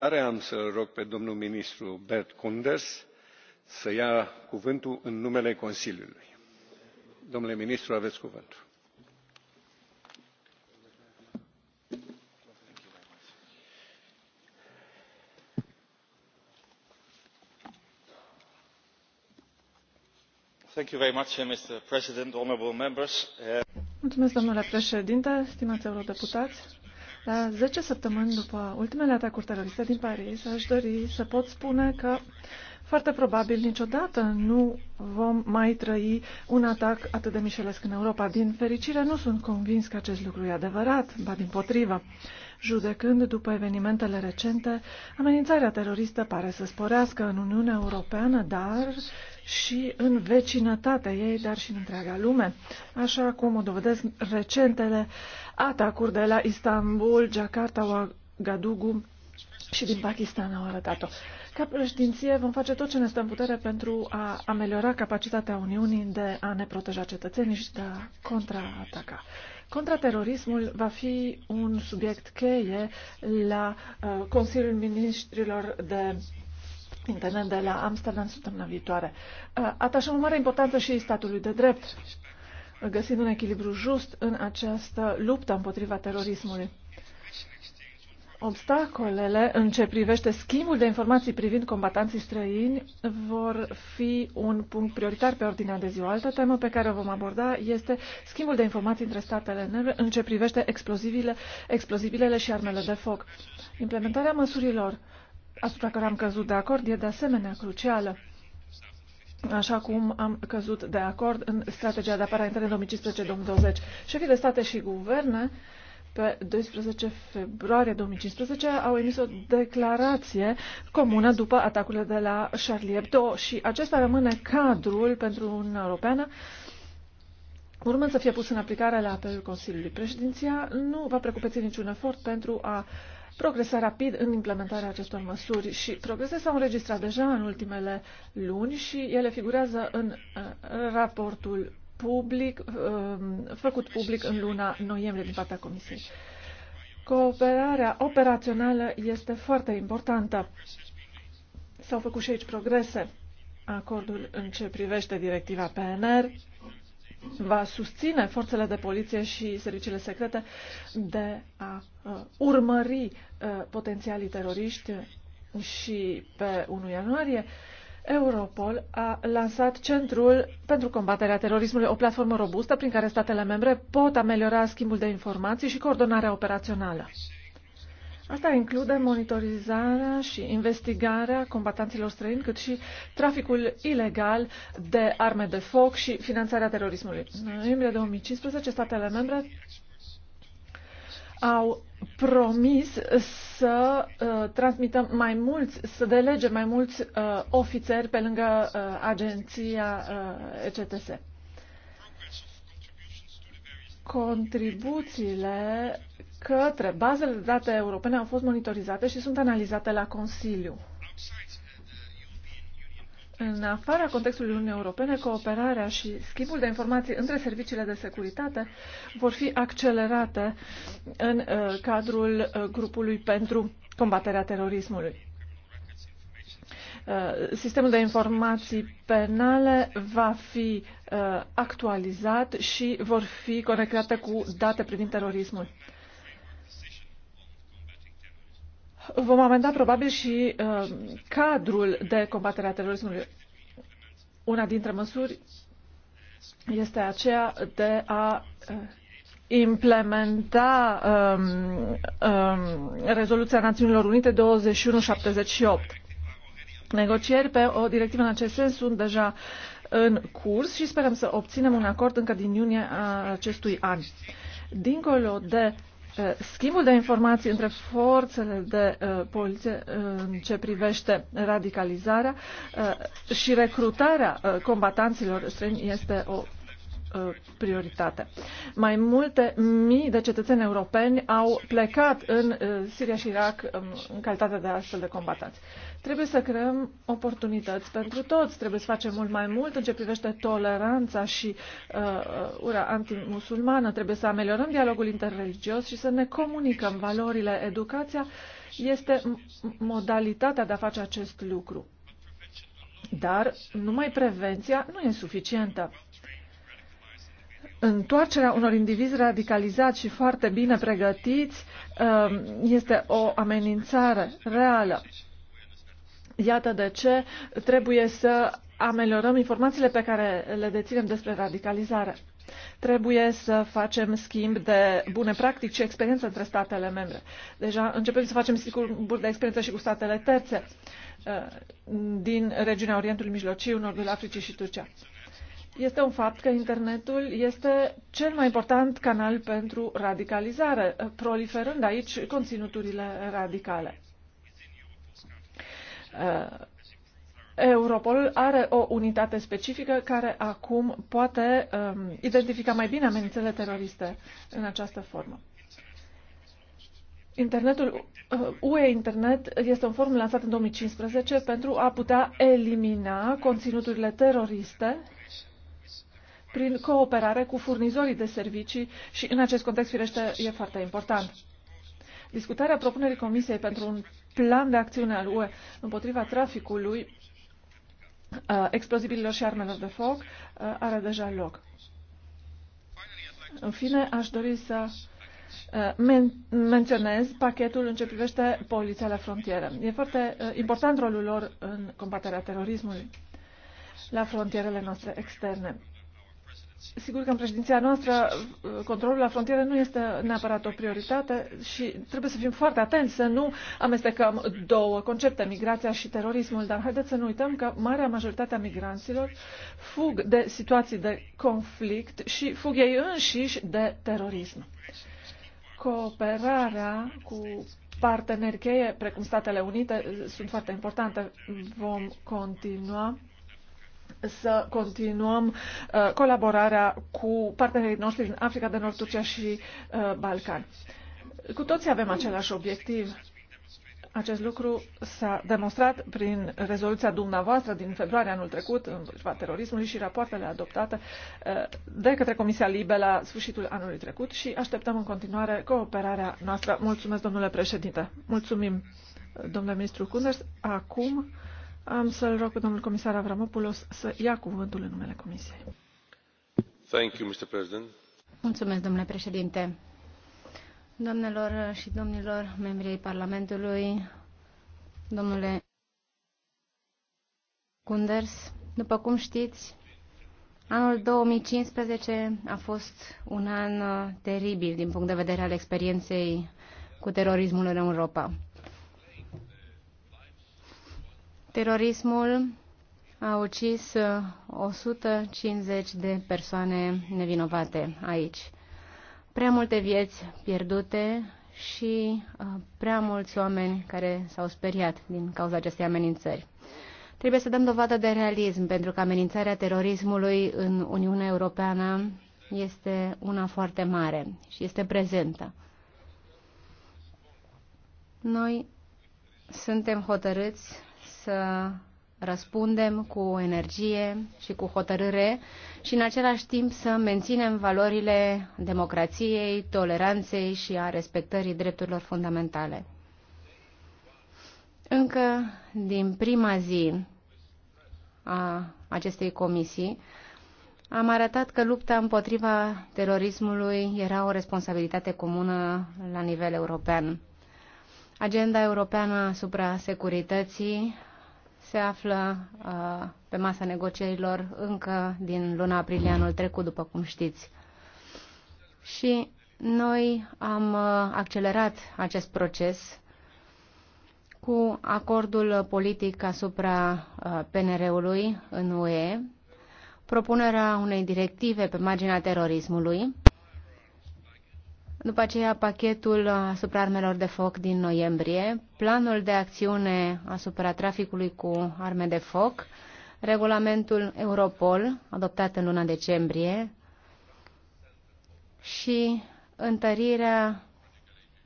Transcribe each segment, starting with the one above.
Are am să rog pe domnul ministru Bert Koenders să ia cuvântul în numele Consiliului. Domnule ministru, aveți cuvântul. Uh, uh, Mulțumesc, domnule președinte stimați eurodeputați la 10 săptămâni după ultimele atacuri teroriste din Paris, aș dori să pot spune că foarte probabil niciodată nu vom mai trăi un atac atât de mișelesc în Europa. Din fericire, nu sunt convins că acest lucru e adevărat, ba din potrivă. Judecând după evenimentele recente, amenințarea teroristă pare să sporească în Uniunea Europeană, dar și în vecinătatea ei, dar și în întreaga lume, așa cum o dovedesc recentele atacuri de la Istanbul, Jakarta, Gadugu și din Pakistan au arătat-o. Ca președinție vom face tot ce ne stă în putere pentru a ameliora capacitatea Uniunii de a ne proteja cetățenii și de a contraataca. Contraterorismul va fi un subiect cheie la uh, Consiliul Ministrilor de internet de la Amsterdam săptămâna viitoare. Atașăm o mare importanță și statului de drept, găsind un echilibru just în această luptă împotriva terorismului. Obstacolele în ce privește schimbul de informații privind combatanții străini vor fi un punct prioritar pe ordinea de zi. O altă temă pe care o vom aborda este schimbul de informații între statele membre în ce privește explozibilele și armele de foc. Implementarea măsurilor asupra care am căzut de acord, e de asemenea crucială, așa cum am căzut de acord în strategia de apărare interne 2015-2020. Șefii de state și guverne pe 12 februarie 2015 au emis o declarație comună după atacurile de la Charlie Hebdo și acesta rămâne cadrul pentru Uniunea Europeană urmând să fie pus în aplicare la apelul Consiliului. Președinția nu va precupeți niciun efort pentru a uh, progresa rapid în implementarea acestor măsuri și progrese s-au înregistrat deja în ultimele luni și ele figurează în uh, raportul public, um, făcut public în luna noiembrie din partea Comisiei. Cooperarea operațională este foarte importantă. S-au făcut și aici progrese. Acordul în ce privește directiva PNR, va susține forțele de poliție și serviciile secrete de a uh, urmări uh, potențialii teroriști și pe 1 ianuarie Europol a lansat Centrul pentru combaterea terorismului, o platformă robustă prin care statele membre pot ameliora schimbul de informații și coordonarea operațională. Asta include monitorizarea și investigarea combatanților străini, cât și traficul ilegal de arme de foc și finanțarea terorismului. În noiembrie 2015, statele membre au promis să uh, transmităm mai mulți, să delege mai mulți uh, ofițeri pe lângă uh, agenția uh, ECTS. Contribuțiile către bazele de date europene au fost monitorizate și sunt analizate la Consiliu. În afara contextului Uniunii Europene, cooperarea și schimbul de informații între serviciile de securitate vor fi accelerate în uh, cadrul uh, grupului pentru combaterea terorismului. Uh, sistemul de informații penale va fi uh, actualizat și vor fi conectate cu date privind terorismul. Uh, Vom amenda probabil și uh, cadrul de combatere a terorismului. Una dintre măsuri este aceea de a uh, implementa um, um, rezoluția Națiunilor Unite 2178. Negocieri pe o directivă în acest sens sunt deja în curs și sperăm să obținem un acord încă din iunie a acestui an. Dincolo de Uh, schimbul de informații între forțele de uh, poliție uh, în ce privește radicalizarea uh, și recrutarea uh, combatanților străini este o uh, prioritate. Mai multe mii de cetățeni europeni au plecat în Siria și Irak um, în calitate de astfel de combatanți. Trebuie să creăm oportunități pentru toți, trebuie să facem mult mai mult în ce privește toleranța și uh, uh ura antimusulmană, trebuie să ameliorăm dialogul interreligios și să ne comunicăm valorile. Educația este modalitatea de a face acest lucru. Dar numai prevenția nu e suficientă. Întoarcerea unor indivizi radicalizați și foarte bine pregătiți uh, este o amenințare reală. Iată de ce trebuie să ameliorăm informațiile pe care le deținem despre radicalizare. Trebuie să facem schimb de bune practici și experiență între statele membre. Deja începem să facem schimburi de experiență și cu statele terțe uh, din regiunea Orientului Mijlociu, Nordul Africii și Turcia. Este un fapt că internetul este cel mai important canal pentru radicalizare, proliferând aici conținuturile radicale. Uh, Europol are o unitate specifică care acum poate um, identifica mai bine amenințele teroriste în această formă. Internetul uh, UE Internet este un forum lansat în 2015 pentru a putea elimina conținuturile teroriste prin cooperare cu furnizorii de servicii și în acest context, firește, e foarte important. Discutarea propunerii Comisiei pentru un plan de acțiune al UE împotriva traficului uh, explozibililor și armelor de foc uh, are deja loc. În fine, aș dori să uh, men menționez pachetul în ce privește poliția la frontieră. E foarte important rolul lor în combaterea terorismului la frontierele noastre externe. Sigur că în președinția noastră controlul la frontieră nu este neapărat o prioritate și trebuie să fim foarte atenți să nu amestecăm două concepte, migrația și terorismul, dar haideți să nu uităm că marea majoritate a migranților fug de situații de conflict și fug ei înșiși de terorism. Cooperarea cu parteneri cheie, precum Statele Unite, sunt foarte importante. Vom continua să continuăm uh, colaborarea cu partenerii noștri din Africa de Nord, Turcia și uh, Balcan. Cu toții avem același obiectiv. Acest lucru s-a demonstrat prin rezoluția dumneavoastră din februarie anul trecut în vârfa terorismului și rapoartele adoptate uh, de către Comisia Libe la sfârșitul anului trecut și așteptăm în continuare cooperarea noastră. Mulțumesc, domnule președinte. Mulțumim, domnule ministru Cunders. Acum am să-l rog pe domnul comisar Avramopoulos să ia cuvântul în numele Comisiei. Thank you, Mr. President. Mulțumesc, domnule președinte. domnilor și domnilor, membrii Parlamentului, domnule Kunders, după cum știți, anul 2015 a fost un an uh, teribil din punct de vedere al experienței cu terorismul în Europa. Terorismul a ucis 150 uh, de persoane nevinovate aici. Prea multe vieți pierdute și uh, prea mulți oameni care s-au speriat din cauza acestei amenințări. Trebuie să dăm dovadă de realism, pentru că amenințarea terorismului în Uniunea Europeană este una foarte mare și este prezentă. Noi suntem hotărâți să răspundem cu energie și cu hotărâre și în același timp să menținem valorile democrației, toleranței și a respectării drepturilor fundamentale. Încă din prima zi a acestei comisii am arătat că lupta împotriva terorismului era o responsabilitate comună la nivel european. Agenda europeană asupra securității se află uh, pe masa negocierilor încă din luna aprilie anul trecut, după cum știți. Și noi am uh, accelerat acest proces cu acordul politic asupra uh, PNR-ului în UE, propunerea unei directive pe marginea terorismului, după aceea, pachetul asupra armelor de foc din noiembrie, planul de acțiune asupra traficului cu arme de foc, regulamentul Europol, adoptat în luna decembrie, și întărirea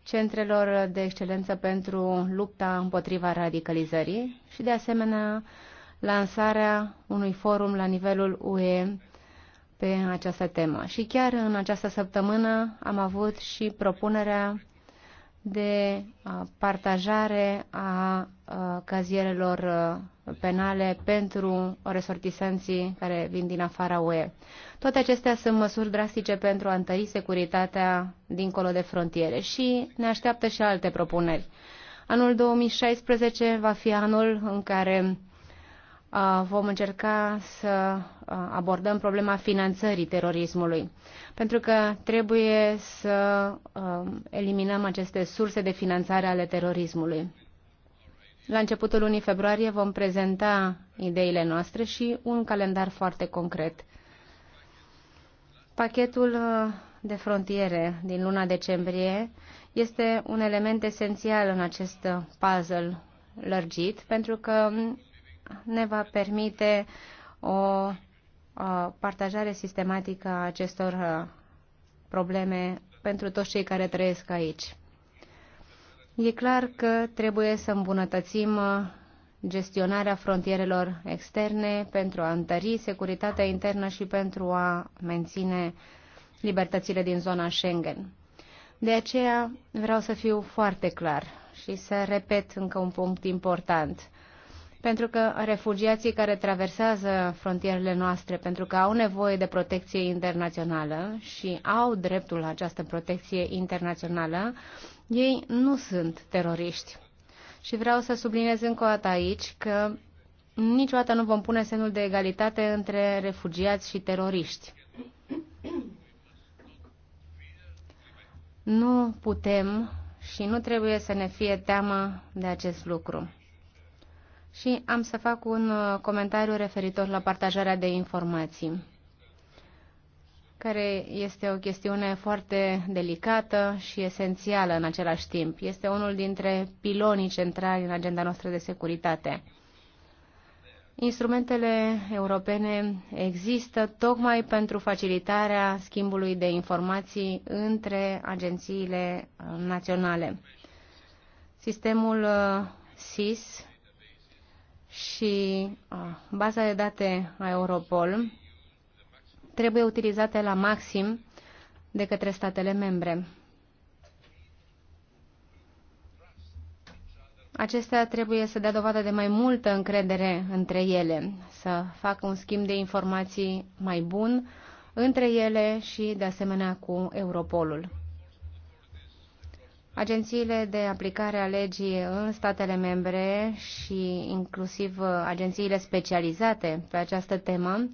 centrelor de excelență pentru lupta împotriva radicalizării și, de asemenea, lansarea unui forum la nivelul UE pe această temă. Și chiar în această săptămână am avut și propunerea de partajare a cazierelor penale pentru resortisanții care vin din afara UE. Toate acestea sunt măsuri drastice pentru a întări securitatea dincolo de frontiere și ne așteaptă și alte propuneri. Anul 2016 va fi anul în care vom încerca să abordăm problema finanțării terorismului, pentru că trebuie să eliminăm aceste surse de finanțare ale terorismului. La începutul lunii februarie vom prezenta ideile noastre și un calendar foarte concret. Pachetul de frontiere din luna decembrie este un element esențial în acest puzzle lărgit, pentru că ne va permite o partajare sistematică a acestor probleme pentru toți cei care trăiesc aici. E clar că trebuie să îmbunătățim gestionarea frontierelor externe pentru a întări securitatea internă și pentru a menține libertățile din zona Schengen. De aceea vreau să fiu foarte clar și să repet încă un punct important pentru că refugiații care traversează frontierele noastre, pentru că au nevoie de protecție internațională și au dreptul la această protecție internațională, ei nu sunt teroriști. Și vreau să subliniez încă o dată aici că niciodată nu vom pune semnul de egalitate între refugiați și teroriști. Nu putem și nu trebuie să ne fie teamă de acest lucru. Și am să fac un uh, comentariu referitor la partajarea de informații, care este o chestiune foarte delicată și esențială în același timp. Este unul dintre pilonii centrali în agenda noastră de securitate. Instrumentele europene există tocmai pentru facilitarea schimbului de informații între agențiile uh, naționale. Sistemul uh, SIS și baza de date a Europol trebuie utilizate la maxim de către statele membre. Acestea trebuie să dea dovadă de mai multă încredere între ele, să facă un schimb de informații mai bun între ele și, de asemenea, cu Europolul. Agențiile de aplicare a legii în statele membre și inclusiv agențiile specializate pe această temă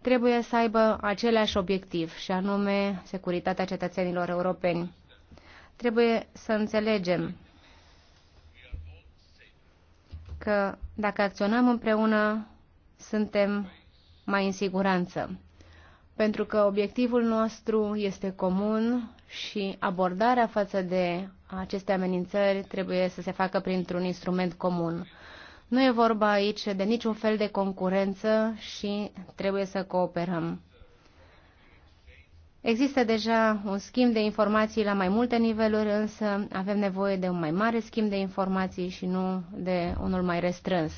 trebuie să aibă același obiectiv, și anume securitatea cetățenilor europeni. Trebuie să înțelegem că dacă acționăm împreună, suntem mai în siguranță pentru că obiectivul nostru este comun și abordarea față de aceste amenințări trebuie să se facă printr-un instrument comun. Nu e vorba aici de niciun fel de concurență și trebuie să cooperăm. Există deja un schimb de informații la mai multe niveluri, însă avem nevoie de un mai mare schimb de informații și nu de unul mai restrâns.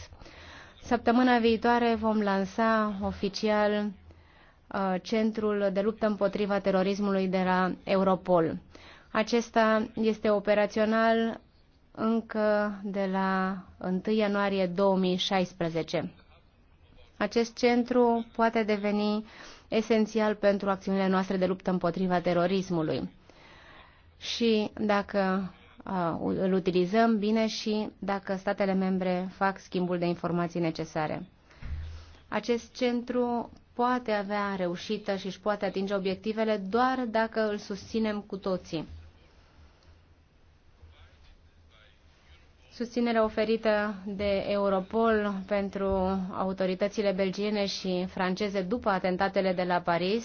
Săptămâna viitoare vom lansa oficial Uh, Centrul de luptă împotriva terorismului de la Europol. Acesta este operațional încă de la 1 ianuarie 2016. Acest centru poate deveni esențial pentru acțiunile noastre de luptă împotriva terorismului. Și dacă uh, îl utilizăm bine și dacă statele membre fac schimbul de informații necesare. Acest centru poate avea reușită și își poate atinge obiectivele doar dacă îl susținem cu toții. Susținerea oferită de Europol pentru autoritățile belgiene și franceze după atentatele de la Paris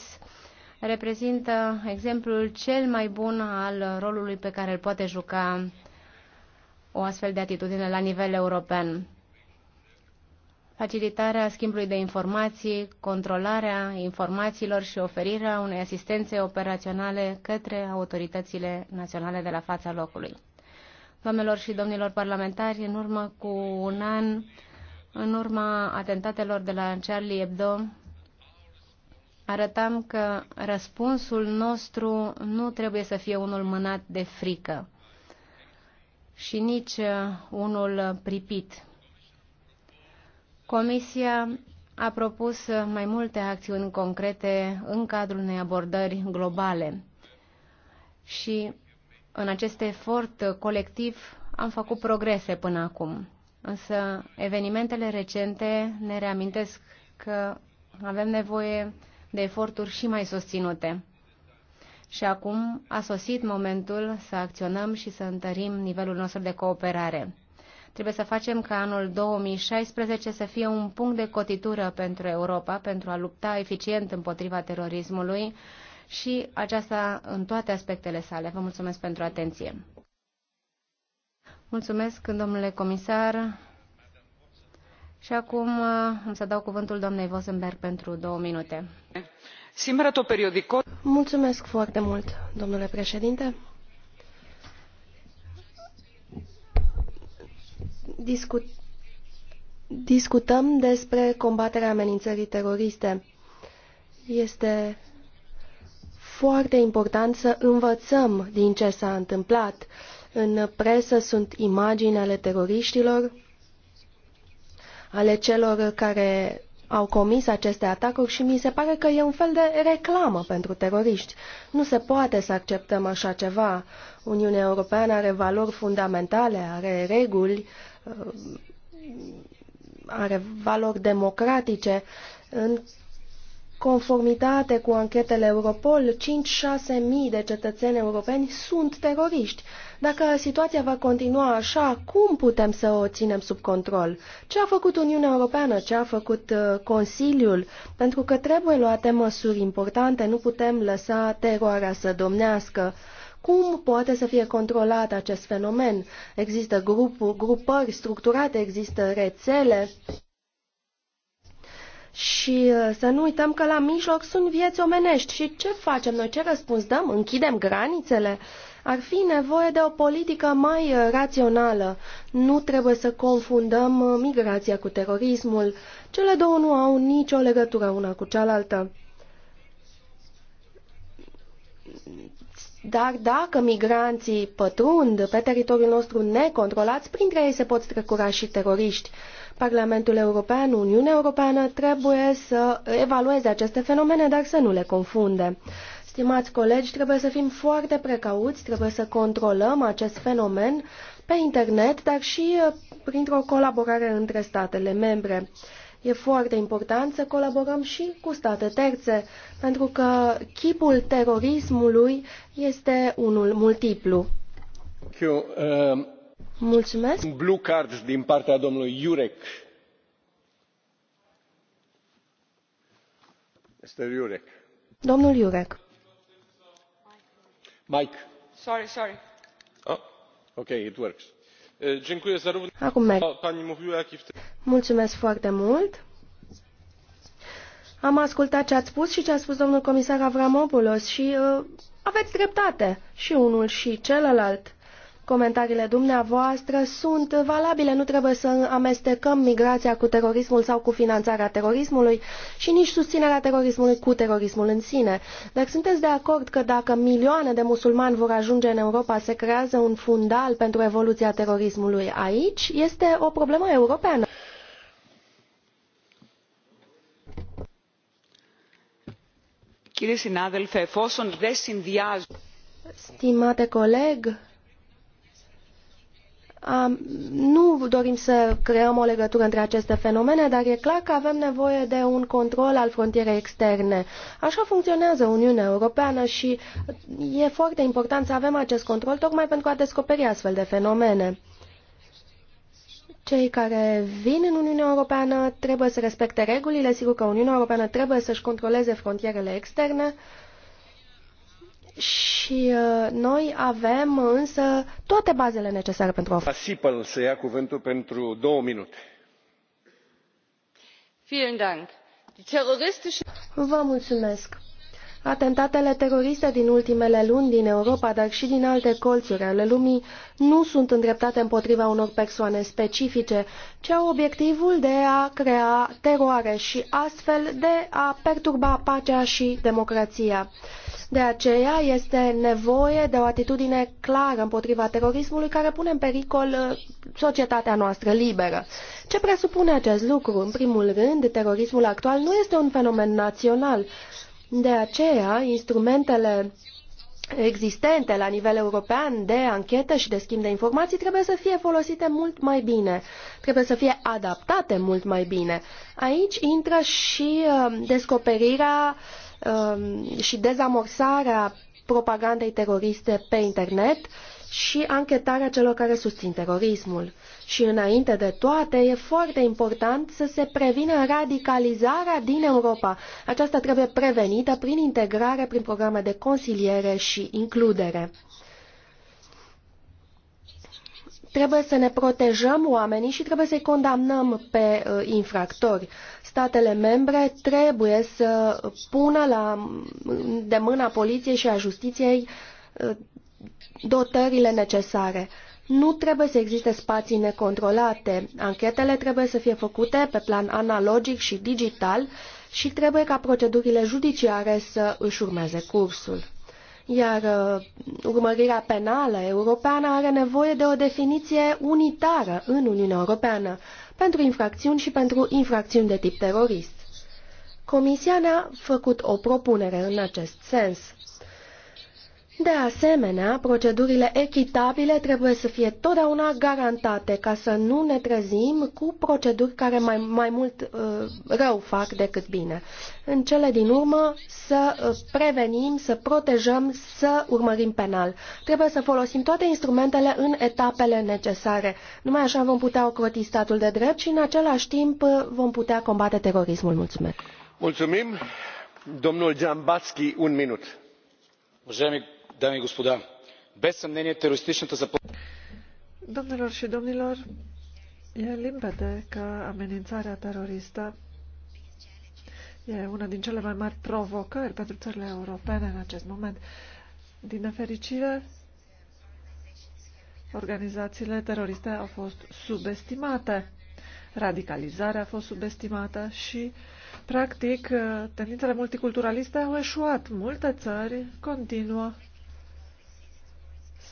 reprezintă exemplul cel mai bun al rolului pe care îl poate juca o astfel de atitudine la nivel european facilitarea schimbului de informații, controlarea informațiilor și oferirea unei asistențe operaționale către autoritățile naționale de la fața locului. Doamnelor și domnilor parlamentari, în urmă cu un an, în urma atentatelor de la Charlie Hebdo, arătam că răspunsul nostru nu trebuie să fie unul mânat de frică și nici unul pripit Comisia a propus mai multe acțiuni concrete în cadrul unei abordări globale și în acest efort colectiv am făcut progrese până acum. Însă evenimentele recente ne reamintesc că avem nevoie de eforturi și mai susținute. Și acum a sosit momentul să acționăm și să întărim nivelul nostru de cooperare. Trebuie să facem ca anul 2016 să fie un punct de cotitură pentru Europa, pentru a lupta eficient împotriva terorismului și aceasta în toate aspectele sale. Vă mulțumesc pentru atenție. Mulțumesc, domnule comisar. Și acum uh, am să dau cuvântul doamnei Vosenberg pentru două minute. periodic. Mulțumesc foarte mult, domnule președinte. discut, discutăm despre combaterea amenințării teroriste. Este foarte important să învățăm din ce s-a întâmplat. În presă sunt imagini ale teroriștilor, ale celor care au comis aceste atacuri și mi se pare că e un fel de reclamă pentru teroriști. Nu se poate să acceptăm așa ceva. Uniunea Europeană are valori fundamentale, are reguli Uh, are valori democratice. În conformitate cu anchetele Europol, 5-6 mii de cetățeni europeni sunt teroriști. Dacă situația va continua așa, cum putem să o ținem sub control? Ce a făcut Uniunea Europeană? Ce a făcut uh, Consiliul? Pentru că trebuie luate măsuri importante, nu putem lăsa teroarea să domnească. Cum poate să fie controlat acest fenomen? Există grupuri, grupări structurate, există rețele. Și uh, să nu uităm că la mijloc sunt vieți omenești. Și ce facem noi? Ce răspuns dăm? Închidem granițele? Ar fi nevoie de o politică mai uh, rațională. Nu trebuie să confundăm uh, migrația cu terorismul. Cele două nu au nicio legătură una cu cealaltă dar dacă migranții pătrund pe teritoriul nostru necontrolați, printre ei se pot strecura și teroriști. Parlamentul European, Uniunea Europeană trebuie să evalueze aceste fenomene, dar să nu le confunde. Stimați colegi, trebuie să fim foarte precauți, trebuie să controlăm acest fenomen pe internet, dar și uh, printr-o colaborare între statele membre. E foarte important să colaborăm și cu state terțe, pentru că chipul terorismului este unul multiplu. Eu, uh, um, Mulțumesc. Un blue card din partea domnului Iurec. Mr. Iurec. Domnul Iurec. Mike. Sorry, sorry. Oh, okay, it works Acum merg. Mulțumesc foarte mult. Am ascultat ce ați spus și ce a spus domnul comisar Avramopoulos și uh, aveți dreptate, și unul și celălalt. Comentariile dumneavoastră sunt valabile, nu trebuie să amestecăm migrația cu terorismul sau cu finanțarea terorismului și nici susținerea terorismului cu terorismul în sine. Dar sunteți de acord că dacă milioane de musulmani vor ajunge în Europa, se creează un fundal pentru evoluția terorismului aici? Este o problemă europeană. Stimate coleg, nu dorim să creăm o legătură între aceste fenomene, dar e clar că avem nevoie de un control al frontierei externe. Așa funcționează Uniunea Europeană și e foarte important să avem acest control tocmai pentru a descoperi astfel de fenomene. Cei care vin în Uniunea Europeană trebuie să respecte regulile, sigur că Uniunea Europeană trebuie să-și controleze frontierele externe, uh, și uh, noi avem însă toate bazele necesare pentru a Sipel să ia cuvântul pentru două minute. Vă mulțumesc. Atentatele teroriste din ultimele luni din Europa, dar și din alte colțuri ale lumii, nu sunt îndreptate împotriva unor persoane specifice, ci au obiectivul de a crea teroare și astfel de a perturba pacea și democrația. De aceea este nevoie de o atitudine clară împotriva terorismului care pune în pericol uh, societatea noastră liberă. Ce presupune acest lucru? În primul rând, terorismul actual nu este un fenomen național, de aceea, instrumentele existente la nivel european de anchetă și de schimb de informații trebuie să fie folosite mult mai bine, trebuie să fie adaptate mult mai bine. Aici intră și um, descoperirea um, și dezamorsarea propagandei teroriste pe internet și anchetarea celor care susțin terorismul. Și înainte de toate, e foarte important să se prevină radicalizarea din Europa. Aceasta trebuie prevenită prin integrare, prin programe de consiliere și includere. Trebuie să ne protejăm oamenii și trebuie să-i condamnăm pe uh, infractori statele membre trebuie să pună la, de mâna poliției și a justiției uh, dotările necesare. Nu trebuie să existe spații necontrolate. Anchetele trebuie să fie făcute pe plan analogic și digital și trebuie ca procedurile judiciare să își urmeze cursul. Iar uh, urmărirea penală europeană are nevoie de o definiție unitară în Uniunea Europeană pentru infracțiuni și pentru infracțiuni de tip terorist. Comisia ne-a făcut o propunere în acest sens. De asemenea, procedurile echitabile trebuie să fie totdeauna garantate ca să nu ne trezim cu proceduri care mai, mai mult uh, rău fac decât bine. În cele din urmă să uh, prevenim, să protejăm, să urmărim penal. Trebuie să folosim toate instrumentele în etapele necesare. Numai așa vom putea ocroti statul de drept și în același timp uh, vom putea combate terorismul. Mulțumesc! Mulțumim! Domnul Giambatski, un minut. Уважаеми дами și domnilor, e limpede că amenințarea teroristă e una din cele mai mari provocări pentru țările europene în acest moment. Din nefericire, organizațiile teroriste au fost subestimate, radicalizarea a fost subestimată și, practic, tendințele multiculturaliste au eșuat. Multe țări continuă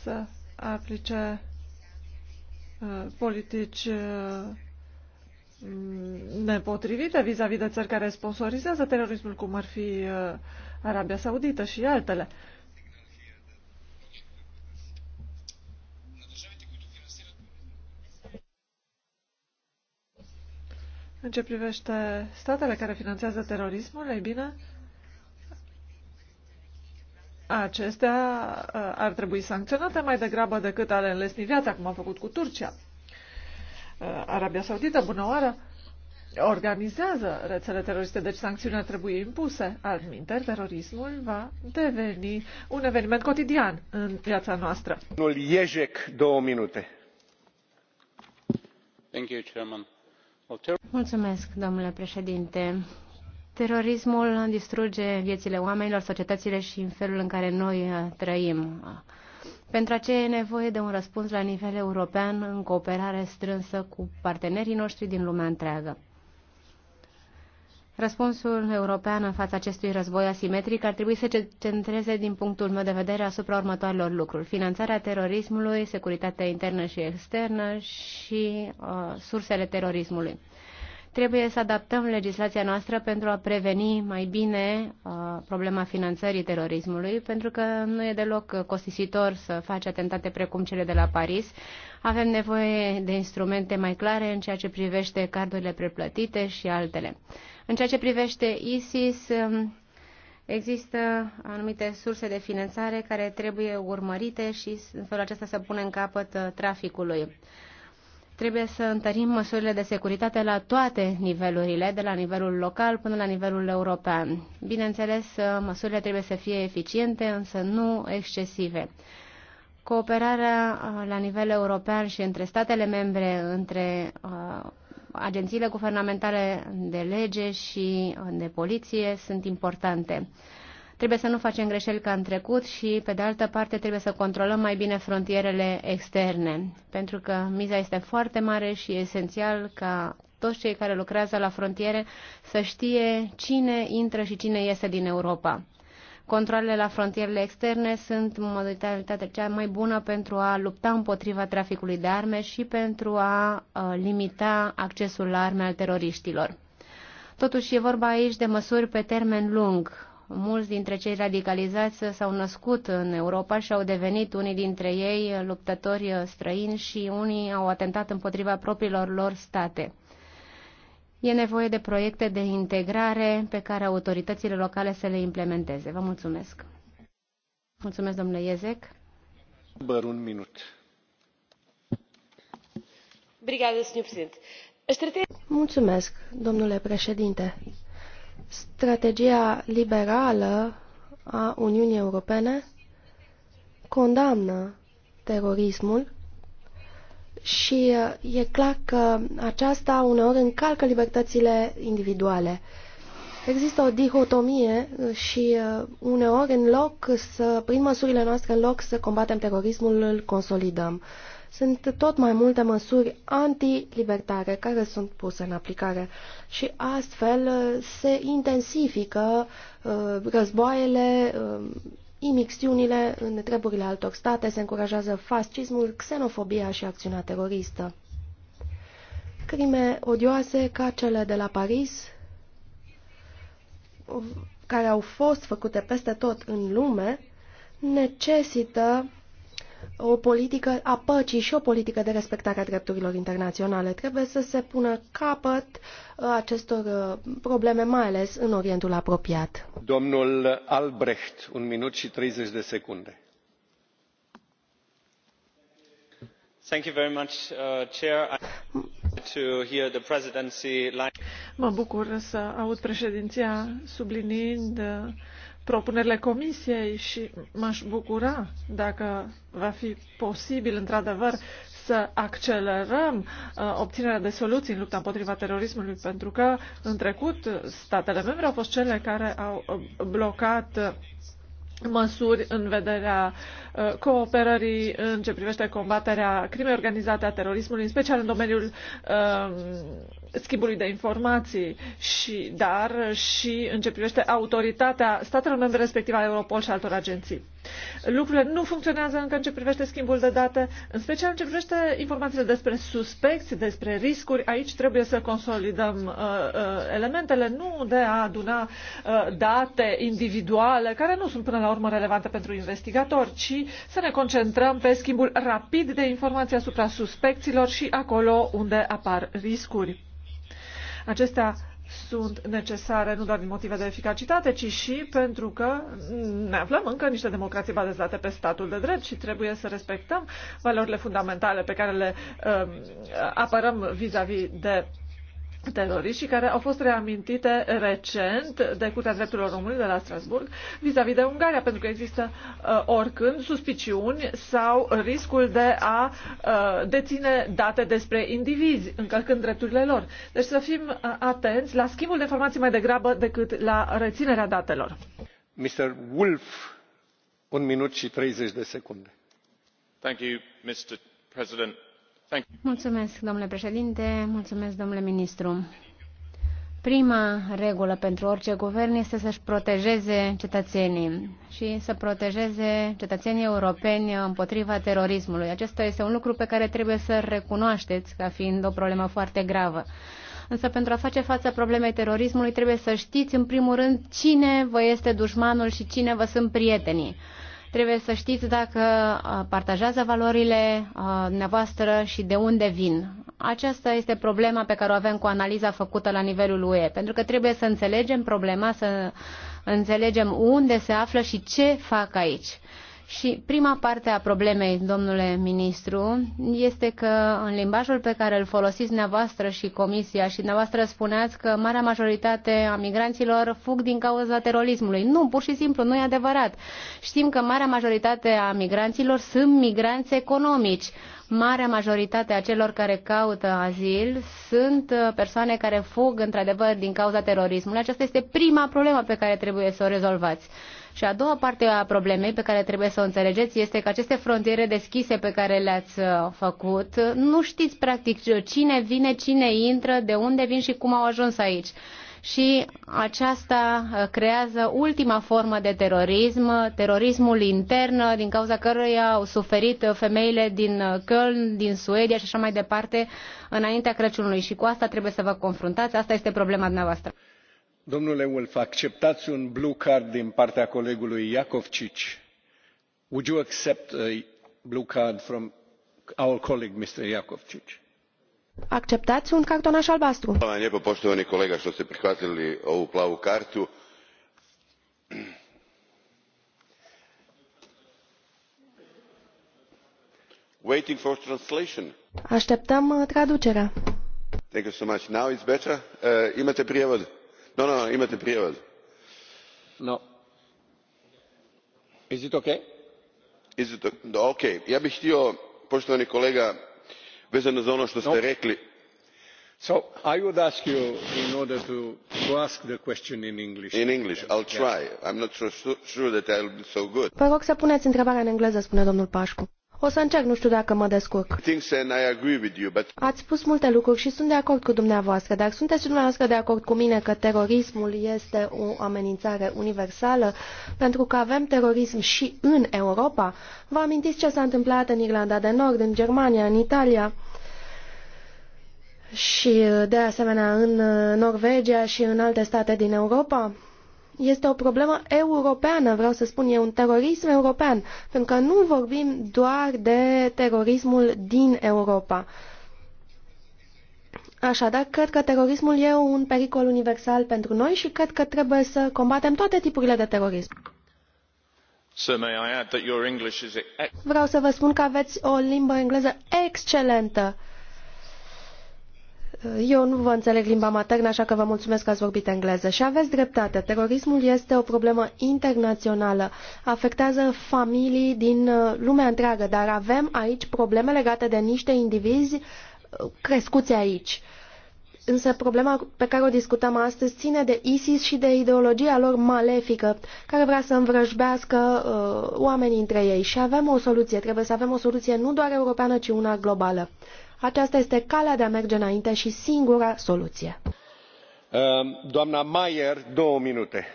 să aplice uh, politici uh, mm, nepotrivite vis-a-vis -vis de țări care sponsorizează terorismul, cum ar fi uh, Arabia Saudită și altele. În ce privește statele care finanțează terorismul, ei bine, acestea uh, ar trebui sancționate mai degrabă decât ale înlesni viața, cum a făcut cu Turcia. Uh, Arabia Saudită, bună oară, organizează rețele teroriste, deci sancțiunile trebuie impuse. Alminter, terorismul va deveni un eveniment cotidian în viața noastră. Domnul Iejec, două minute. Mulțumesc, domnule președinte Terorismul distruge viețile oamenilor, societățile și în felul în care noi uh, trăim. Pentru aceea e nevoie de un răspuns la nivel european în cooperare strânsă cu partenerii noștri din lumea întreagă. Răspunsul european în fața acestui război asimetric ar trebui să se centreze din punctul meu de vedere asupra următoarelor lucruri. Finanțarea terorismului, securitatea internă și externă și uh, sursele terorismului. Trebuie să adaptăm legislația noastră pentru a preveni mai bine uh, problema finanțării terorismului, pentru că nu e deloc costisitor să faci atentate precum cele de la Paris. Avem nevoie de instrumente mai clare în ceea ce privește cardurile preplătite și altele. În ceea ce privește ISIS, um, Există anumite surse de finanțare care trebuie urmărite și în felul acesta să punem capăt uh, traficului. Trebuie să întărim măsurile de securitate la toate nivelurile, de la nivelul local până la nivelul european. Bineînțeles, măsurile trebuie să fie eficiente, însă nu excesive. Cooperarea uh, la nivel european și între statele membre, între uh, agențiile guvernamentale de lege și uh, de poliție sunt importante. Trebuie să nu facem greșeli ca în trecut și, pe de altă parte, trebuie să controlăm mai bine frontierele externe, pentru că miza este foarte mare și esențial ca toți cei care lucrează la frontiere să știe cine intră și cine iese din Europa. Controlele la frontierele externe sunt modalitatea cea mai bună pentru a lupta împotriva traficului de arme și pentru a uh, limita accesul la arme al teroriștilor. Totuși e vorba aici de măsuri pe termen lung, Mulți dintre cei radicalizați s-au născut în Europa și au devenit unii dintre ei luptători străini și unii au atentat împotriva propriilor lor state. E nevoie de proiecte de integrare pe care autoritățile locale să le implementeze. Vă mulțumesc. Mulțumesc, domnule Iezec. Băr, un minut. Mulțumesc, domnule președinte Strategia liberală a Uniunii Europene condamnă terorismul și uh, e clar că aceasta uneori încalcă libertățile individuale. Există o dihotomie uh, și uh, uneori în loc să, prin măsurile noastre, în loc să combatem terorismul, îl consolidăm sunt tot mai multe măsuri antilibertare care sunt puse în aplicare și astfel uh, se intensifică uh, războaiele, uh, imixtiunile în treburile altor state, se încurajează fascismul, xenofobia și acțiunea teroristă. Crime odioase ca cele de la Paris, care au fost făcute peste tot în lume, necesită o politică a păcii și o politică de respectare a drepturilor internaționale. Trebuie să se pună capăt uh, acestor uh, probleme, mai ales în Orientul apropiat. Domnul Albrecht, un minut și 30 de secunde. Mă bucur să aud președinția subliniind uh, propunerile comisiei și m-aș bucura dacă va fi posibil, într-adevăr, să accelerăm uh, obținerea de soluții în lupta împotriva terorismului, pentru că în trecut statele membre au fost cele care au uh, blocat uh, măsuri în vederea uh, cooperării în ce privește combaterea crimei organizate a terorismului, în special în domeniul uh, schimbului de informații, și, dar și în ce privește autoritatea statelor membre respective a Europol și altor agenții. Lucrurile nu funcționează încă în ce privește schimbul de date, în special în ce privește informațiile despre suspecți, despre riscuri. Aici trebuie să consolidăm uh, uh, elementele, nu de a aduna uh, date individuale, care nu sunt până la urmă relevante pentru investigatori, ci să ne concentrăm pe schimbul rapid de informații asupra suspecților și acolo unde apar riscuri. Acestea sunt necesare nu doar din motive de eficacitate, ci și pentru că ne aflăm încă niște democrații bazate pe statul de drept și trebuie să respectăm valorile fundamentale pe care le uh, apărăm vis-a-vis -vis de teroriști și care au fost reamintite recent de Curtea Drepturilor Omului de la Strasburg vis-a-vis -vis de Ungaria, pentru că există uh, oricând suspiciuni sau riscul de a uh, deține date despre indivizi, încălcând drepturile lor. Deci să fim uh, atenți la schimbul de informații mai degrabă decât la reținerea datelor. Mr. Wolf, un minut și 30 de secunde. Thank you, Mr. President Mulțumesc, domnule președinte, mulțumesc, domnule ministru. Prima regulă pentru orice guvern este să-și protejeze cetățenii și să protejeze cetățenii europeni împotriva terorismului. Acesta este un lucru pe care trebuie să-l recunoașteți ca fiind o problemă foarte gravă. Însă pentru a face față problemei terorismului trebuie să știți în primul rând cine vă este dușmanul și cine vă sunt prietenii. Trebuie să știți dacă uh, partajează valorile uh, dumneavoastră și de unde vin. Aceasta este problema pe care o avem cu analiza făcută la nivelul UE, pentru că trebuie să înțelegem problema, să înțelegem unde se află și ce fac aici. Și prima parte a problemei, domnule ministru, este că în limbajul pe care îl folosiți dumneavoastră și comisia și dumneavoastră spuneați că marea majoritate a migranților fug din cauza terorismului. Nu, pur și simplu, nu e adevărat. Știm că marea majoritate a migranților sunt migranți economici. Marea majoritate a celor care caută azil sunt uh, persoane care fug într-adevăr din cauza terorismului. Aceasta este prima problemă pe care trebuie să o rezolvați. Și a doua parte a problemei pe care trebuie să o înțelegeți este că aceste frontiere deschise pe care le-ați uh, făcut, nu știți practic cine vine, cine intră, de unde vin și cum au ajuns aici și aceasta uh, creează ultima formă de terorism, terorismul intern, uh, din cauza căruia au suferit femeile din Köln, din Suedia și așa mai departe, înaintea Crăciunului. Și cu asta trebuie să vă confruntați, asta este problema dumneavoastră domnule woolfe acceptați un blue card din partea colegului jakovi? would you accept a blue card from our colleague mr jakovi? acceptați un cartonaș albastru? hvala vam lijepo poštovani kolega što ste prihvatili ovu plavu kartu. Waiting for translation. Așteptăm uh, traducerea. Thank you so much. Now it's better. Uh, imate prijevod? No, No. Da, ja bih htio poštovani kolega vezano za ono što ste rekli so i would ask you in order to ask the question in english in english i'll try i'm not so sure that i'll be so good vă rog să puneți întrebarea în engleză spune domnul pașcu o să încerc, nu știu dacă mă descurc. Ați spus multe lucruri și sunt de acord cu dumneavoastră, dar sunteți dumneavoastră de acord cu mine că terorismul este o amenințare universală, pentru că avem terorism și în Europa. Vă amintiți ce s-a întâmplat în Irlanda de Nord, în Germania, în Italia? Și de asemenea în Norvegia și în alte state din Europa? este o problemă europeană, vreau să spun, e un terorism european, pentru că nu vorbim doar de terorismul din Europa. Așadar, cred că terorismul e un pericol universal pentru noi și cred că trebuie să combatem toate tipurile de terorism. Vreau să vă spun că aveți o limbă engleză excelentă eu nu vă înțeleg limba maternă, așa că vă mulțumesc că ați vorbit engleză. Și aveți dreptate. Terorismul este o problemă internațională. Afectează familii din uh, lumea întreagă, dar avem aici probleme legate de niște indivizi uh, crescuți aici. Însă problema pe care o discutăm astăzi ține de ISIS și de ideologia lor malefică, care vrea să învrăjbească uh, oamenii între ei. Și avem o soluție, trebuie să avem o soluție nu doar europeană, ci una globală. Aceasta este calea de a merge înainte și singura soluție. Ehm, doamna Mayer, două minute.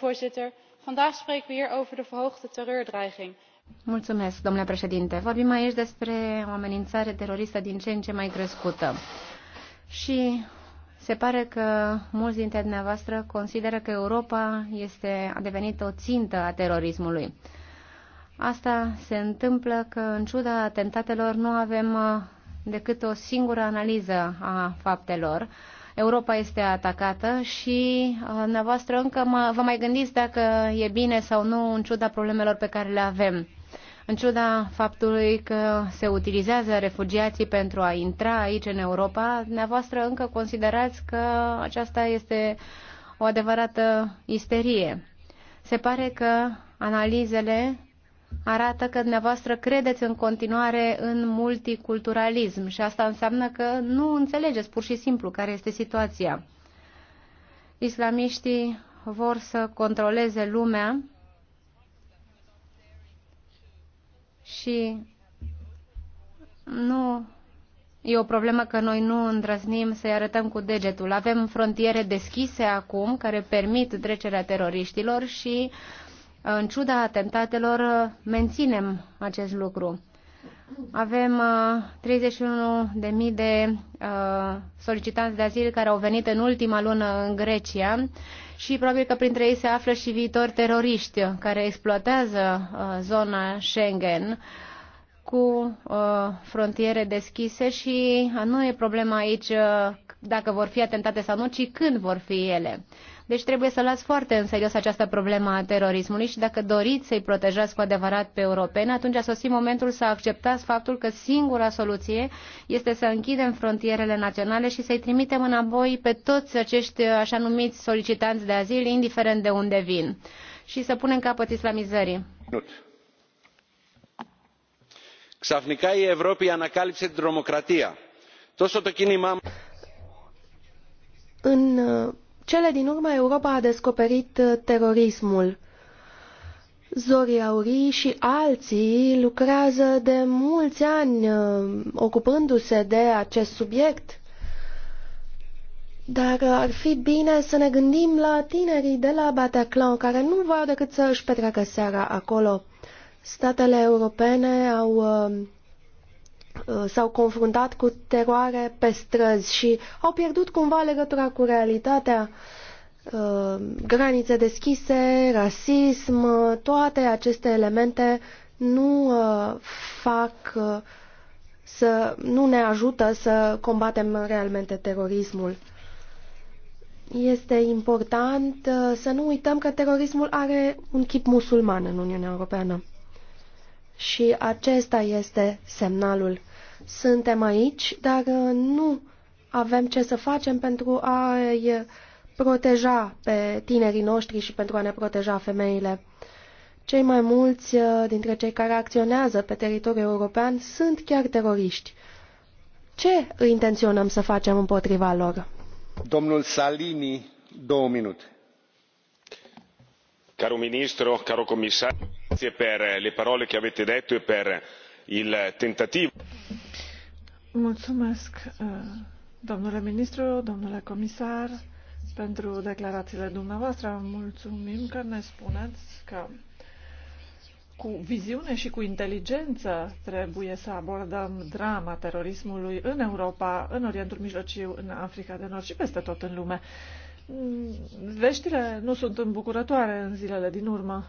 voorzitter vandaag spreken we hier over de verhoogde terreurdreiging. Mulțumesc, domnule președinte. Vorbim aici despre o amenințare teroristă din ce în ce mai crescută. Și se pare că mulți dintre dumneavoastră consideră că Europa este, a devenit o țintă a terorismului. Asta se întâmplă că, în ciuda atentatelor, nu avem uh, decât o singură analiză a faptelor. Europa este atacată și uh, dumneavoastră încă vă mai gândiți dacă e bine sau nu în ciuda problemelor pe care le avem. În ciuda faptului că se utilizează refugiații pentru a intra aici în Europa, dumneavoastră încă considerați că aceasta este o adevărată isterie. Se pare că analizele arată că dumneavoastră credeți în continuare în multiculturalism și asta înseamnă că nu înțelegeți pur și simplu care este situația. Islamiștii vor să controleze lumea și nu e o problemă că noi nu îndrăznim să-i arătăm cu degetul. Avem frontiere deschise acum care permit trecerea teroriștilor și în ciuda atentatelor, menținem acest lucru. Avem uh, 31.000 de uh, solicitanți de azil care au venit în ultima lună în Grecia și probabil că printre ei se află și viitori teroriști care exploatează uh, zona Schengen cu uh, frontiere deschise și uh, nu e problema aici uh, dacă vor fi atentate sau nu, ci când vor fi ele. Uh, deci trebuie să luați foarte în serios această problemă a terorismului și dacă doriți să-i protejați cu adevărat pe europeni, atunci a sosit momentul să acceptați faptul că singura soluție este să închidem frontierele naționale și să-i trimitem înapoi pe toți acești așa numiți solicitanți de azil, indiferent de unde vin, și să punem capăt islamizării. Minut. Ξαφνικά η Ευρώπη ανακάλυψε την τρομοκρατία. Τόσο το κίνημά în cele din urmă Europa a descoperit uh, terorismul. Zori Aurii și alții lucrează de mulți ani uh, ocupându-se de acest subiect. Dar uh, ar fi bine să ne gândim la tinerii de la Bataclan, care nu vor decât să își petreacă seara acolo. Statele europene au Uh, s-au confruntat cu teroare pe străzi și au pierdut cumva legătura cu realitatea. Uh, granițe deschise, rasism, uh, toate aceste elemente nu fac să nu ne ajută să combatem realmente terorismul. Este important să nu uităm că terorismul are un chip musulman în Uniunea Europeană. Și acesta este semnalul. Suntem aici, dar uh, nu avem ce să facem pentru a-i proteja pe tinerii noștri și pentru a ne proteja femeile. Cei mai mulți uh, dintre cei care acționează pe teritoriul european sunt chiar teroriști. Ce intenționăm să facem împotriva lor? Domnul Salini, două minute. Caro ministru, caro comisar. Mulțumesc, domnule ministru, domnule comisar, pentru declarațiile dumneavoastră. Mulțumim că ne spuneți că cu viziune și cu inteligență trebuie să abordăm drama terorismului în Europa, în Orientul Mijlociu, în Africa de Nord și peste tot în lume. Mm, veștile nu sunt îmbucurătoare în zilele din urmă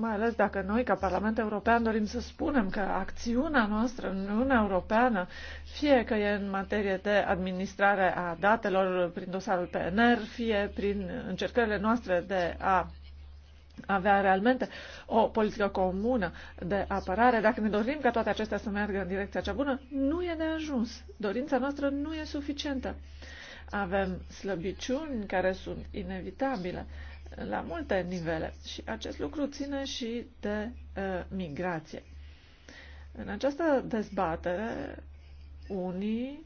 mai ales dacă noi, ca Parlament European, dorim să spunem că acțiunea noastră în Uniunea Europeană, fie că e în materie de administrare a datelor prin dosarul PNR, fie prin încercările noastre de a avea realmente o politică comună de apărare, dacă ne dorim ca toate acestea să meargă în direcția cea bună, nu e de ajuns. Dorința noastră nu e suficientă. Avem slăbiciuni care sunt inevitabile la multe nivele și acest lucru ține și de uh, migrație. În această dezbatere, unii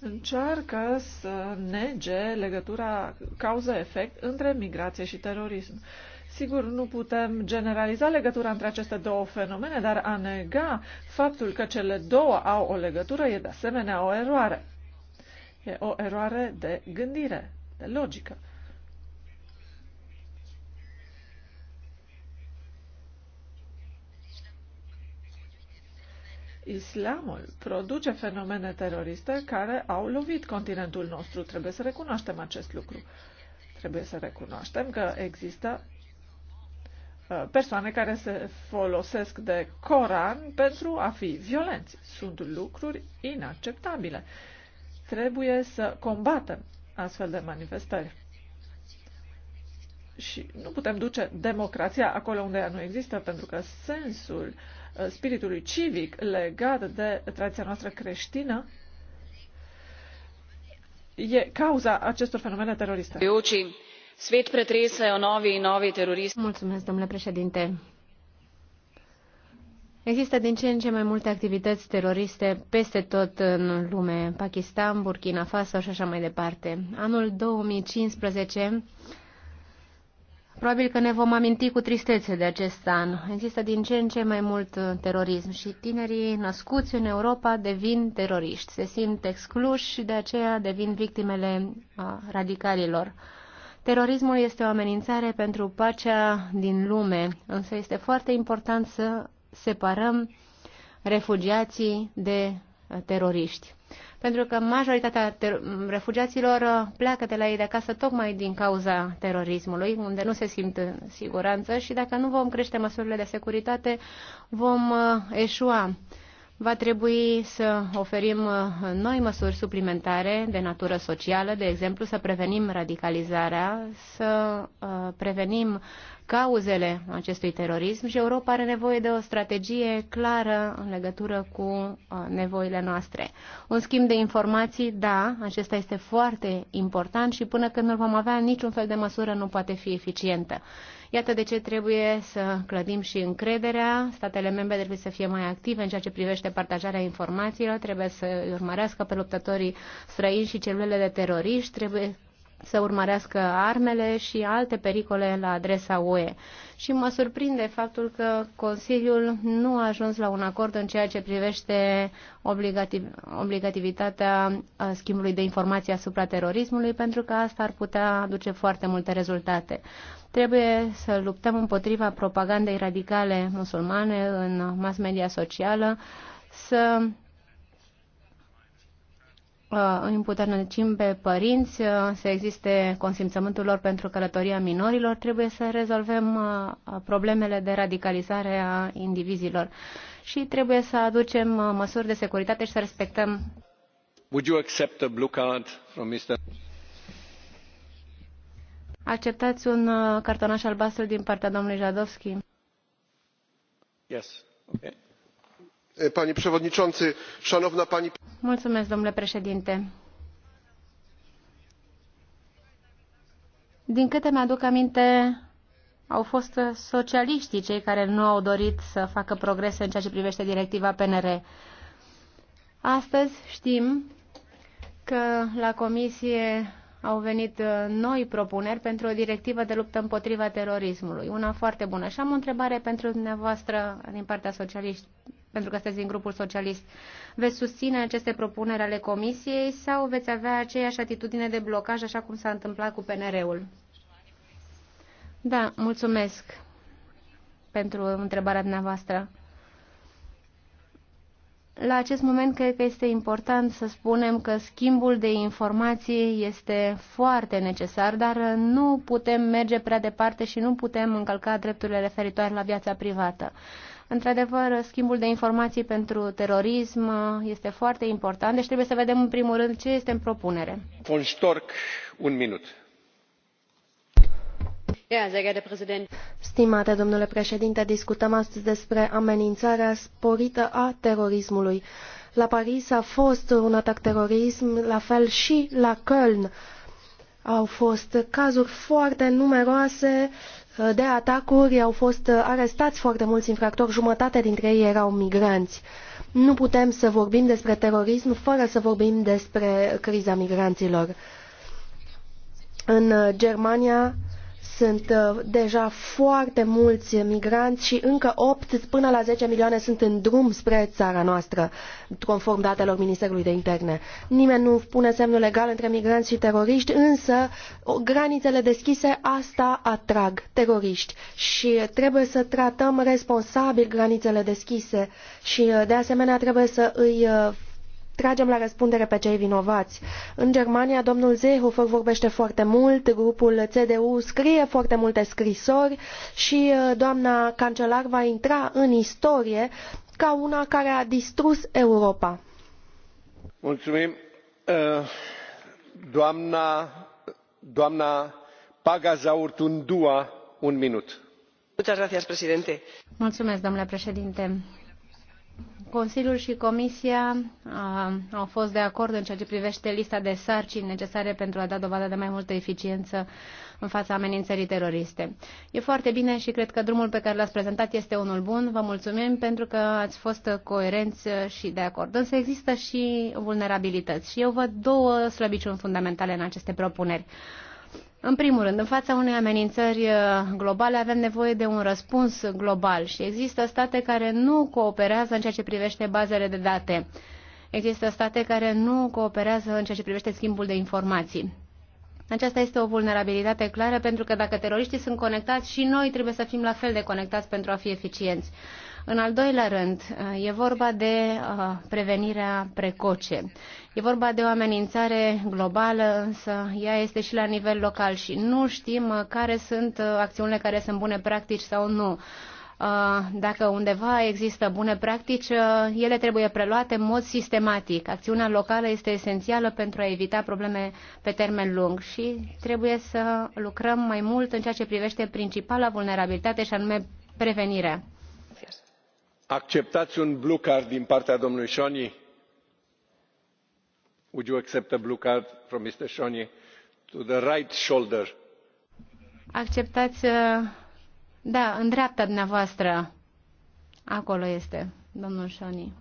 încearcă să nege legătura cauză-efect între migrație și terorism. Sigur, nu putem generaliza legătura între aceste două fenomene, dar a nega faptul că cele două au o legătură e de asemenea o eroare. E o eroare de gândire, de logică. Islamul produce fenomene teroriste care au lovit continentul nostru. Trebuie să recunoaștem acest lucru. Trebuie să recunoaștem că există uh, persoane care se folosesc de Coran pentru a fi violenți. Sunt lucruri inacceptabile. Trebuie să combatem astfel de manifestări. Și nu putem duce democrația acolo unde ea nu există, pentru că sensul uh, Uh, spiritului civic legat de tradiția noastră creștină e cauza acestor fenomene teroriste. Svet pretresajo novi in novi teroristi. Mulțumesc, domnule președinte. Există din ce în ce mai multe activități teroriste peste tot în lume, Pakistan, Burkina Faso și așa mai departe. Anul 2015 Probabil că ne vom aminti cu tristețe de acest an. Există din ce în ce mai mult uh, terorism și tinerii născuți în Europa devin teroriști. Se simt excluși și de aceea devin victimele uh, radicalilor. Terorismul este o amenințare pentru pacea din lume, însă este foarte important să separăm refugiații de uh, teroriști pentru că majoritatea refugiaților uh, pleacă de la ei de acasă tocmai din cauza terorismului, unde nu se simt în siguranță și dacă nu vom crește măsurile de securitate, vom uh, eșua va trebui să oferim uh, noi măsuri suplimentare de natură socială, de exemplu să prevenim radicalizarea, să uh, prevenim cauzele acestui terorism și Europa are nevoie de o strategie clară în legătură cu uh, nevoile noastre. Un schimb de informații, da, acesta este foarte important și până când nu vom avea niciun fel de măsură nu poate fi eficientă. Iată de ce trebuie să clădim și încrederea. Statele membre trebuie să fie mai active în ceea ce privește partajarea informațiilor, trebuie să urmărească pe luptătorii străini și celulele de teroriști, trebuie să urmărească armele și alte pericole la adresa UE. Și mă surprinde faptul că Consiliul nu a ajuns la un acord în ceea ce privește obligativ, obligativitatea uh, schimbului de informații asupra terorismului, pentru că asta ar putea aduce foarte multe rezultate. Trebuie să luptăm împotriva propagandei radicale musulmane în mass media socială, să uh, îi împuternăcim pe părinți, uh, să existe consimțământul lor pentru călătoria minorilor, trebuie să rezolvăm uh, problemele de radicalizare a indivizilor și trebuie să aducem măsuri de securitate și să respectăm. Would you accept a blue card from Mr. Acceptați un uh, cartonaș albastru din partea domnului Jadowski? Yes. Okay. Pani przewodniczący, szanowna pani... Mulțumesc, domnule președinte. Din câte mi-aduc aminte, au fost socialiștii cei care nu au dorit să facă progrese în ceea ce privește directiva PNR. Astăzi știm că la comisie au venit uh, noi propuneri pentru o directivă de luptă împotriva terorismului, una foarte bună. Și am o întrebare pentru dumneavoastră din partea socialiști, pentru că sunteți din grupul socialist. Veți susține aceste propuneri ale Comisiei sau veți avea aceeași atitudine de blocaj așa cum s-a întâmplat cu PNR-ul? Da, mulțumesc pentru întrebarea dumneavoastră la acest moment cred că este important să spunem că schimbul de informații este foarte necesar, dar nu putem merge prea departe și nu putem încălca drepturile referitoare la viața privată. Într-adevăr, schimbul de informații pentru terorism este foarte important, deci trebuie să vedem în primul rând ce este în propunere. Von un minut. Stimate domnule președinte, discutăm astăzi despre amenințarea sporită a terorismului. La Paris a fost un atac terorism, la fel și la Köln. Au fost cazuri foarte numeroase uh, de atacuri, au fost uh, arestați foarte mulți infractori, jumătate dintre ei erau migranți. Nu putem să vorbim despre terorism fără să vorbim despre criza migranților. În uh, Germania, sunt uh, deja foarte mulți migranți și încă 8 până la 10 milioane sunt în drum spre țara noastră, conform datelor Ministerului de Interne. Nimeni nu pune semnul legal între migranți și teroriști, însă granițele deschise asta atrag teroriști și trebuie să tratăm responsabil granițele deschise și uh, de asemenea trebuie să îi uh, tragem la răspundere pe cei vinovați. În Germania, domnul Seehofer vorbește foarte mult, grupul CDU scrie foarte multe scrisori și uh, doamna cancelar va intra în istorie ca una care a distrus Europa. Mulțumim. Uh, doamna, doamna Zaurtundua, un minut. Mulțumesc, domnule președinte Consiliul și Comisia uh, au fost de acord în ceea ce privește lista de sarcini necesare pentru a da dovadă de mai multă eficiență în fața amenințării teroriste. E foarte bine și cred că drumul pe care l-ați prezentat este unul bun. Vă mulțumim pentru că ați fost coerenți și de acord. Însă există și vulnerabilități și eu văd două slăbiciuni fundamentale în aceste propuneri. În primul rând, în fața unei amenințări uh, globale avem nevoie de un răspuns global și există state care nu cooperează în ceea ce privește bazele de date. Există state care nu cooperează în ceea ce privește schimbul de informații. Aceasta este o vulnerabilitate clară pentru că dacă teroriștii sunt conectați și noi trebuie să fim la fel de conectați pentru a fi eficienți. În al doilea rând, e vorba de uh, prevenirea precoce. E vorba de o amenințare globală, însă ea este și la nivel local și nu știm uh, care sunt uh, acțiunile care sunt bune practici sau nu dacă undeva există bune practici, ele trebuie preluate în mod sistematic. Acțiunea locală este esențială pentru a evita probleme pe termen lung și trebuie să lucrăm mai mult în ceea ce privește principala vulnerabilitate și anume prevenirea acceptați un blue card din partea domnului sonyi? would you accept a blue card from mr sonyi to the right shoulder? acceptați uh, da în dreapta dumneavoastră acolo este domnul sonyi.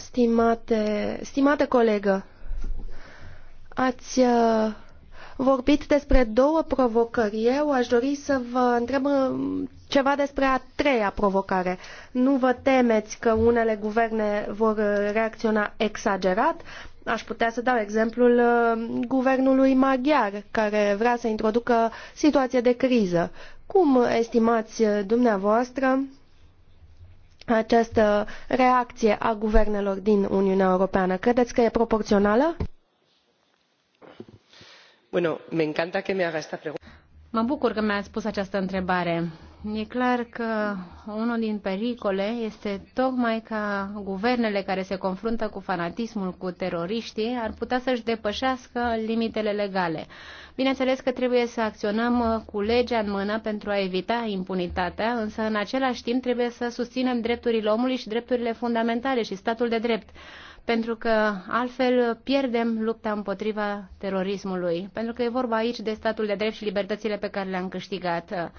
Stimate, stimată colegă, Ați uh, vorbit despre două provocări. Eu aș dori să vă întreb uh, ceva despre a treia provocare. Nu vă temeți că unele guverne vor uh, reacționa exagerat? Aș putea să dau exemplul guvernului maghiar, care vrea să introducă situația de criză. Cum estimați dumneavoastră această reacție a guvernelor din Uniunea Europeană? Credeți că e proporțională? Mă bucur că mi-ați pus această întrebare. E clar că unul din pericole este tocmai ca guvernele care se confruntă cu fanatismul, cu teroriștii, ar putea să-și depășească limitele legale. Bineînțeles că trebuie să acționăm uh, cu legea în mână pentru a evita impunitatea, însă în același timp trebuie să susținem drepturile omului și drepturile fundamentale și statul de drept pentru că altfel pierdem lupta împotriva terorismului, pentru că e vorba aici de statul de drept și libertățile pe care le-am câștigat.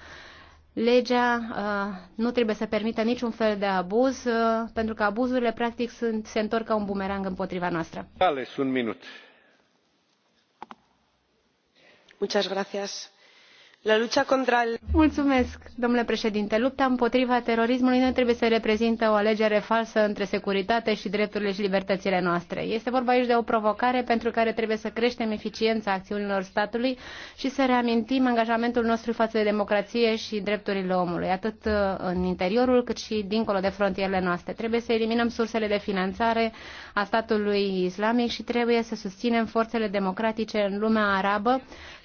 Legea uh, nu trebuie să permită niciun fel de abuz, uh, pentru că abuzurile practic sunt, se întorc ca un bumerang împotriva noastră. Ales, un minut. Muchas gracias. Mulțumesc, domnule președinte. Lupta împotriva terorismului nu trebuie să reprezinte o alegere falsă între securitate și drepturile și libertățile noastre. Este vorba aici de o provocare pentru care trebuie să creștem eficiența acțiunilor statului și să reamintim angajamentul nostru față de democrație și drepturile omului, atât uh, în interiorul cât și dincolo de frontierele noastre. Trebuie să eliminăm sursele de finanțare a statului islamic și trebuie să susținem forțele democratice în lumea arabă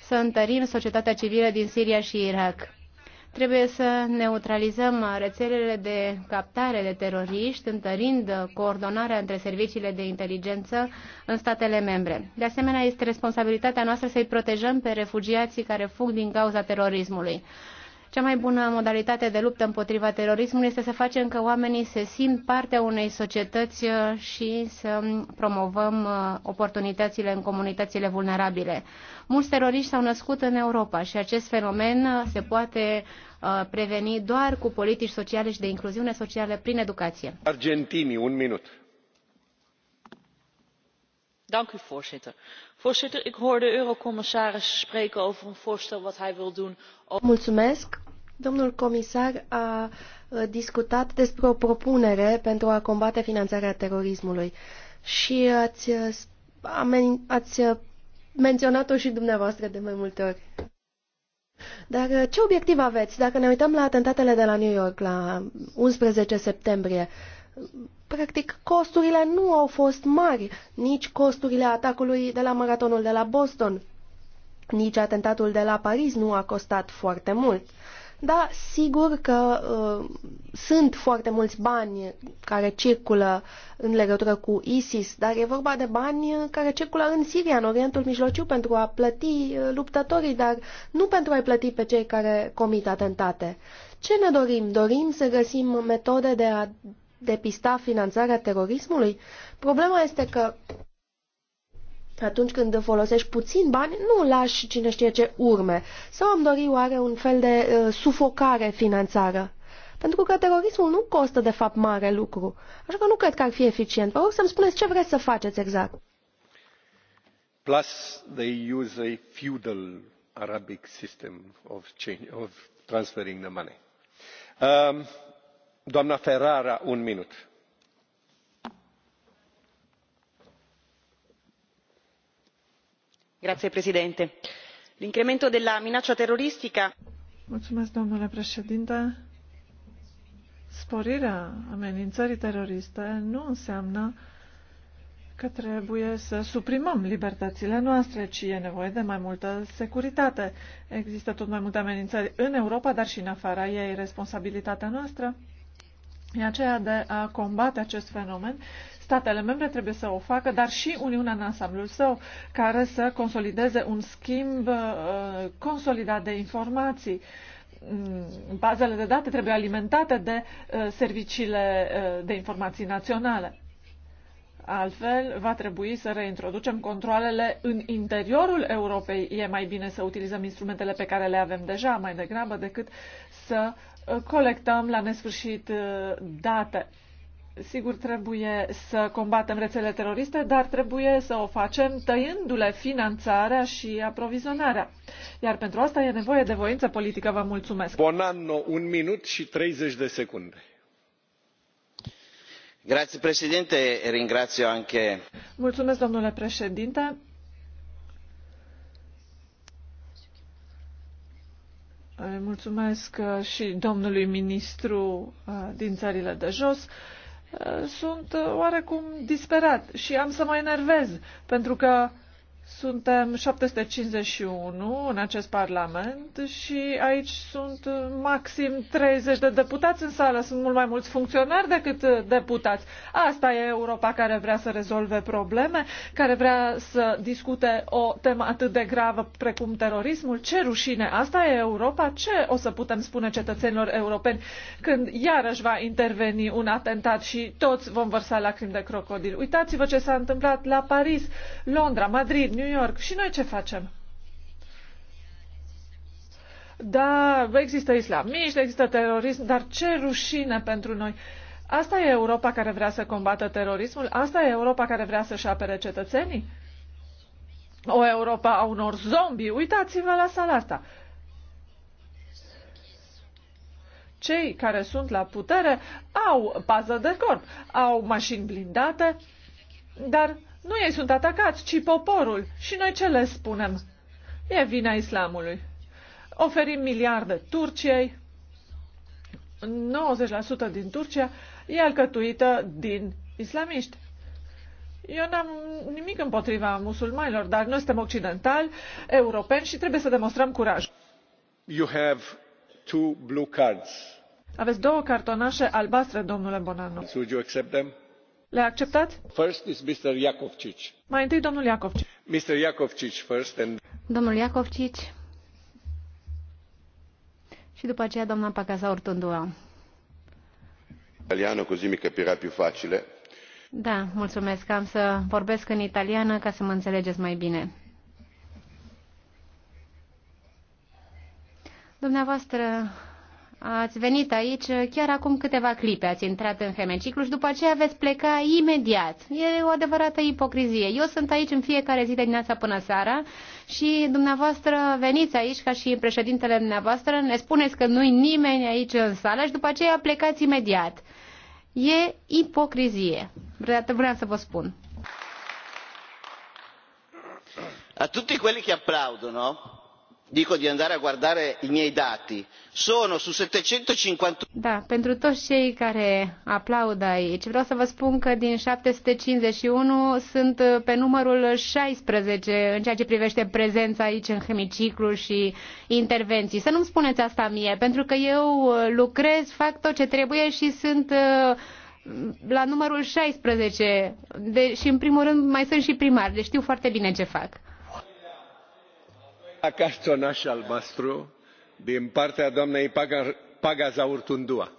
să întărim societatea civilă din Siria și Irak. Trebuie să neutralizăm rețelele de captare de teroriști, întărind coordonarea între serviciile de inteligență în statele membre. De asemenea, este responsabilitatea noastră să-i protejăm pe refugiații care fug din cauza terorismului. Cea mai bună modalitate de luptă împotriva terorismului este să facem că oamenii se simt partea unei societăți uh, și să promovăm uh, oportunitățile în comunitățile vulnerabile. Mulți teroriști s-au născut în Europa și acest fenomen uh, se poate preveni doar cu politici sociale și de incluziune socială prin educație. Argentinii, un minut voorzitter voorzitter ik hoor de eurocommissaris spreken over een voorstel wat hij wil doen. Domnul comisar a discutat despre o propunere pentru a combate finanțarea terorismului și ați, ați menționat-o și dumneavoastră de mai multe ori. Dar uh, ce obiectiv aveți? Dacă ne uităm la atentatele de la New York, la 11 septembrie, practic costurile nu au fost mari, nici costurile atacului de la maratonul de la Boston, nici atentatul de la Paris nu a costat foarte mult. Uh, da, sigur că uh, sunt foarte mulți bani care circulă în legătură cu ISIS, dar e vorba de bani care circulă în Siria, în Orientul Mijlociu, pentru a plăti uh, luptătorii, dar nu pentru a-i plăti pe cei care comit atentate. Ce ne dorim? Dorim să găsim metode de a depista finanțarea terorismului? Problema este că atunci când folosești puțin bani, nu lași cine știe ce urme. Sau am dori oare un fel de uh, sufocare finanțară? Pentru că terorismul nu costă de fapt mare lucru. Așa că nu cred că ar fi eficient. Vă rog să-mi spuneți ce vreți să faceți exact. Plus they use a feudal Arabic system of, change, of transferring the money. Um, doamna Ferrara, un minut domnule președinte l'incremento della minaccia teroristica sporirea amenințării teroriste nu înseamnă că trebuie să suprimăm libertățile noastre, ci e nevoie de mai multă securitate. Există tot mai multe amenințări în Europa, dar și în afara ei. Responsabilitatea noastră e aceea de a combate acest fenomen Statele membre trebuie să o facă, dar și Uniunea în ansamblul său, care să consolideze un schimb uh, consolidat de informații. Mm, bazele de date trebuie alimentate de uh, serviciile uh, de informații naționale. Altfel, va trebui să reintroducem controlele în interiorul Europei. E mai bine să utilizăm instrumentele pe care le avem deja, mai degrabă decât să uh, colectăm la nesfârșit uh, date. Sigur, trebuie să combatem rețele teroriste, dar trebuie să o facem tăiându-le finanțarea și aprovizionarea. Iar pentru asta e nevoie de voință politică. Vă mulțumesc. Bonanno, un minut și 30 de secunde. Grazie, președinte. Ringrazio anche... Mulțumesc, domnule președinte. Mulțumesc și domnului ministru uh, din țările de jos sunt oarecum disperat și am să mă enervez pentru că suntem 751 în acest Parlament și aici sunt maxim 30 de deputați în sală. Sunt mult mai mulți funcționari decât deputați. Asta e Europa care vrea să rezolve probleme, care vrea să discute o temă atât de gravă precum terorismul. Ce rușine! Asta e Europa? Ce o să putem spune cetățenilor europeni când iarăși va interveni un atentat și toți vom vărsa lacrimi de crocodil? Uitați-vă ce s-a întâmplat la Paris, Londra, Madrid, New York. Și noi ce facem? Da, există islamiști, există terorism, dar ce rușine pentru noi! Asta e Europa care vrea să combată terorismul? Asta e Europa care vrea să-și apere cetățenii? O Europa a unor zombi? Uitați-vă la sala asta! Cei care sunt la putere au pază de corp, au mașini blindate, dar nu ei sunt atacați, ci poporul. Și noi ce le spunem? E vina islamului. Oferim miliarde Turciei. 90% din Turcia e alcătuită din islamiști. Eu n-am nimic împotriva musulmanilor, dar noi suntem occidentali, europeni și trebuie să demonstrăm curaj. You have two blue cards. Aveți două cartonașe albastre, domnule Bonanno. Would you accept them? Le acceptat? First is Mr. Iacovcic. Mai întâi domnul Iacovcic. Mr. Iacovcic first and... Domnul Iacovcic. Și după aceea doamna Pacasa Ortundua. Italiano, così mi capirà più facile. Da, mulțumesc. Am să vorbesc în italiană ca să mă înțelegeți mai bine. Dumneavoastră Ați venit aici chiar acum câteva clipe, ați intrat în hemiciclu și după aceea veți pleca imediat. E o adevărată ipocrizie. Eu sunt aici în fiecare zi de dimineața până seara și dumneavoastră veniți aici ca și președintele dumneavoastră, ne spuneți că nu-i nimeni aici în sală și după aceea plecați imediat. E ipocrizie. Vreau să vă spun. A tutti quelli che applaudono, dico di andare a guardare i miei dati sono su 750 Da, pentru toți cei care aplaudă aici, vreau să vă spun că din 751 sunt pe numărul 16 în ceea ce privește prezența aici în hemiciclu și intervenții. Să nu-mi spuneți asta mie, pentru că eu uh, lucrez, fac tot ce trebuie și sunt uh, la numărul 16 de, și în primul rând mai sunt și primar, deci știu foarte bine ce fac cartonaș albastru din partea doamnei pagazaurtundua.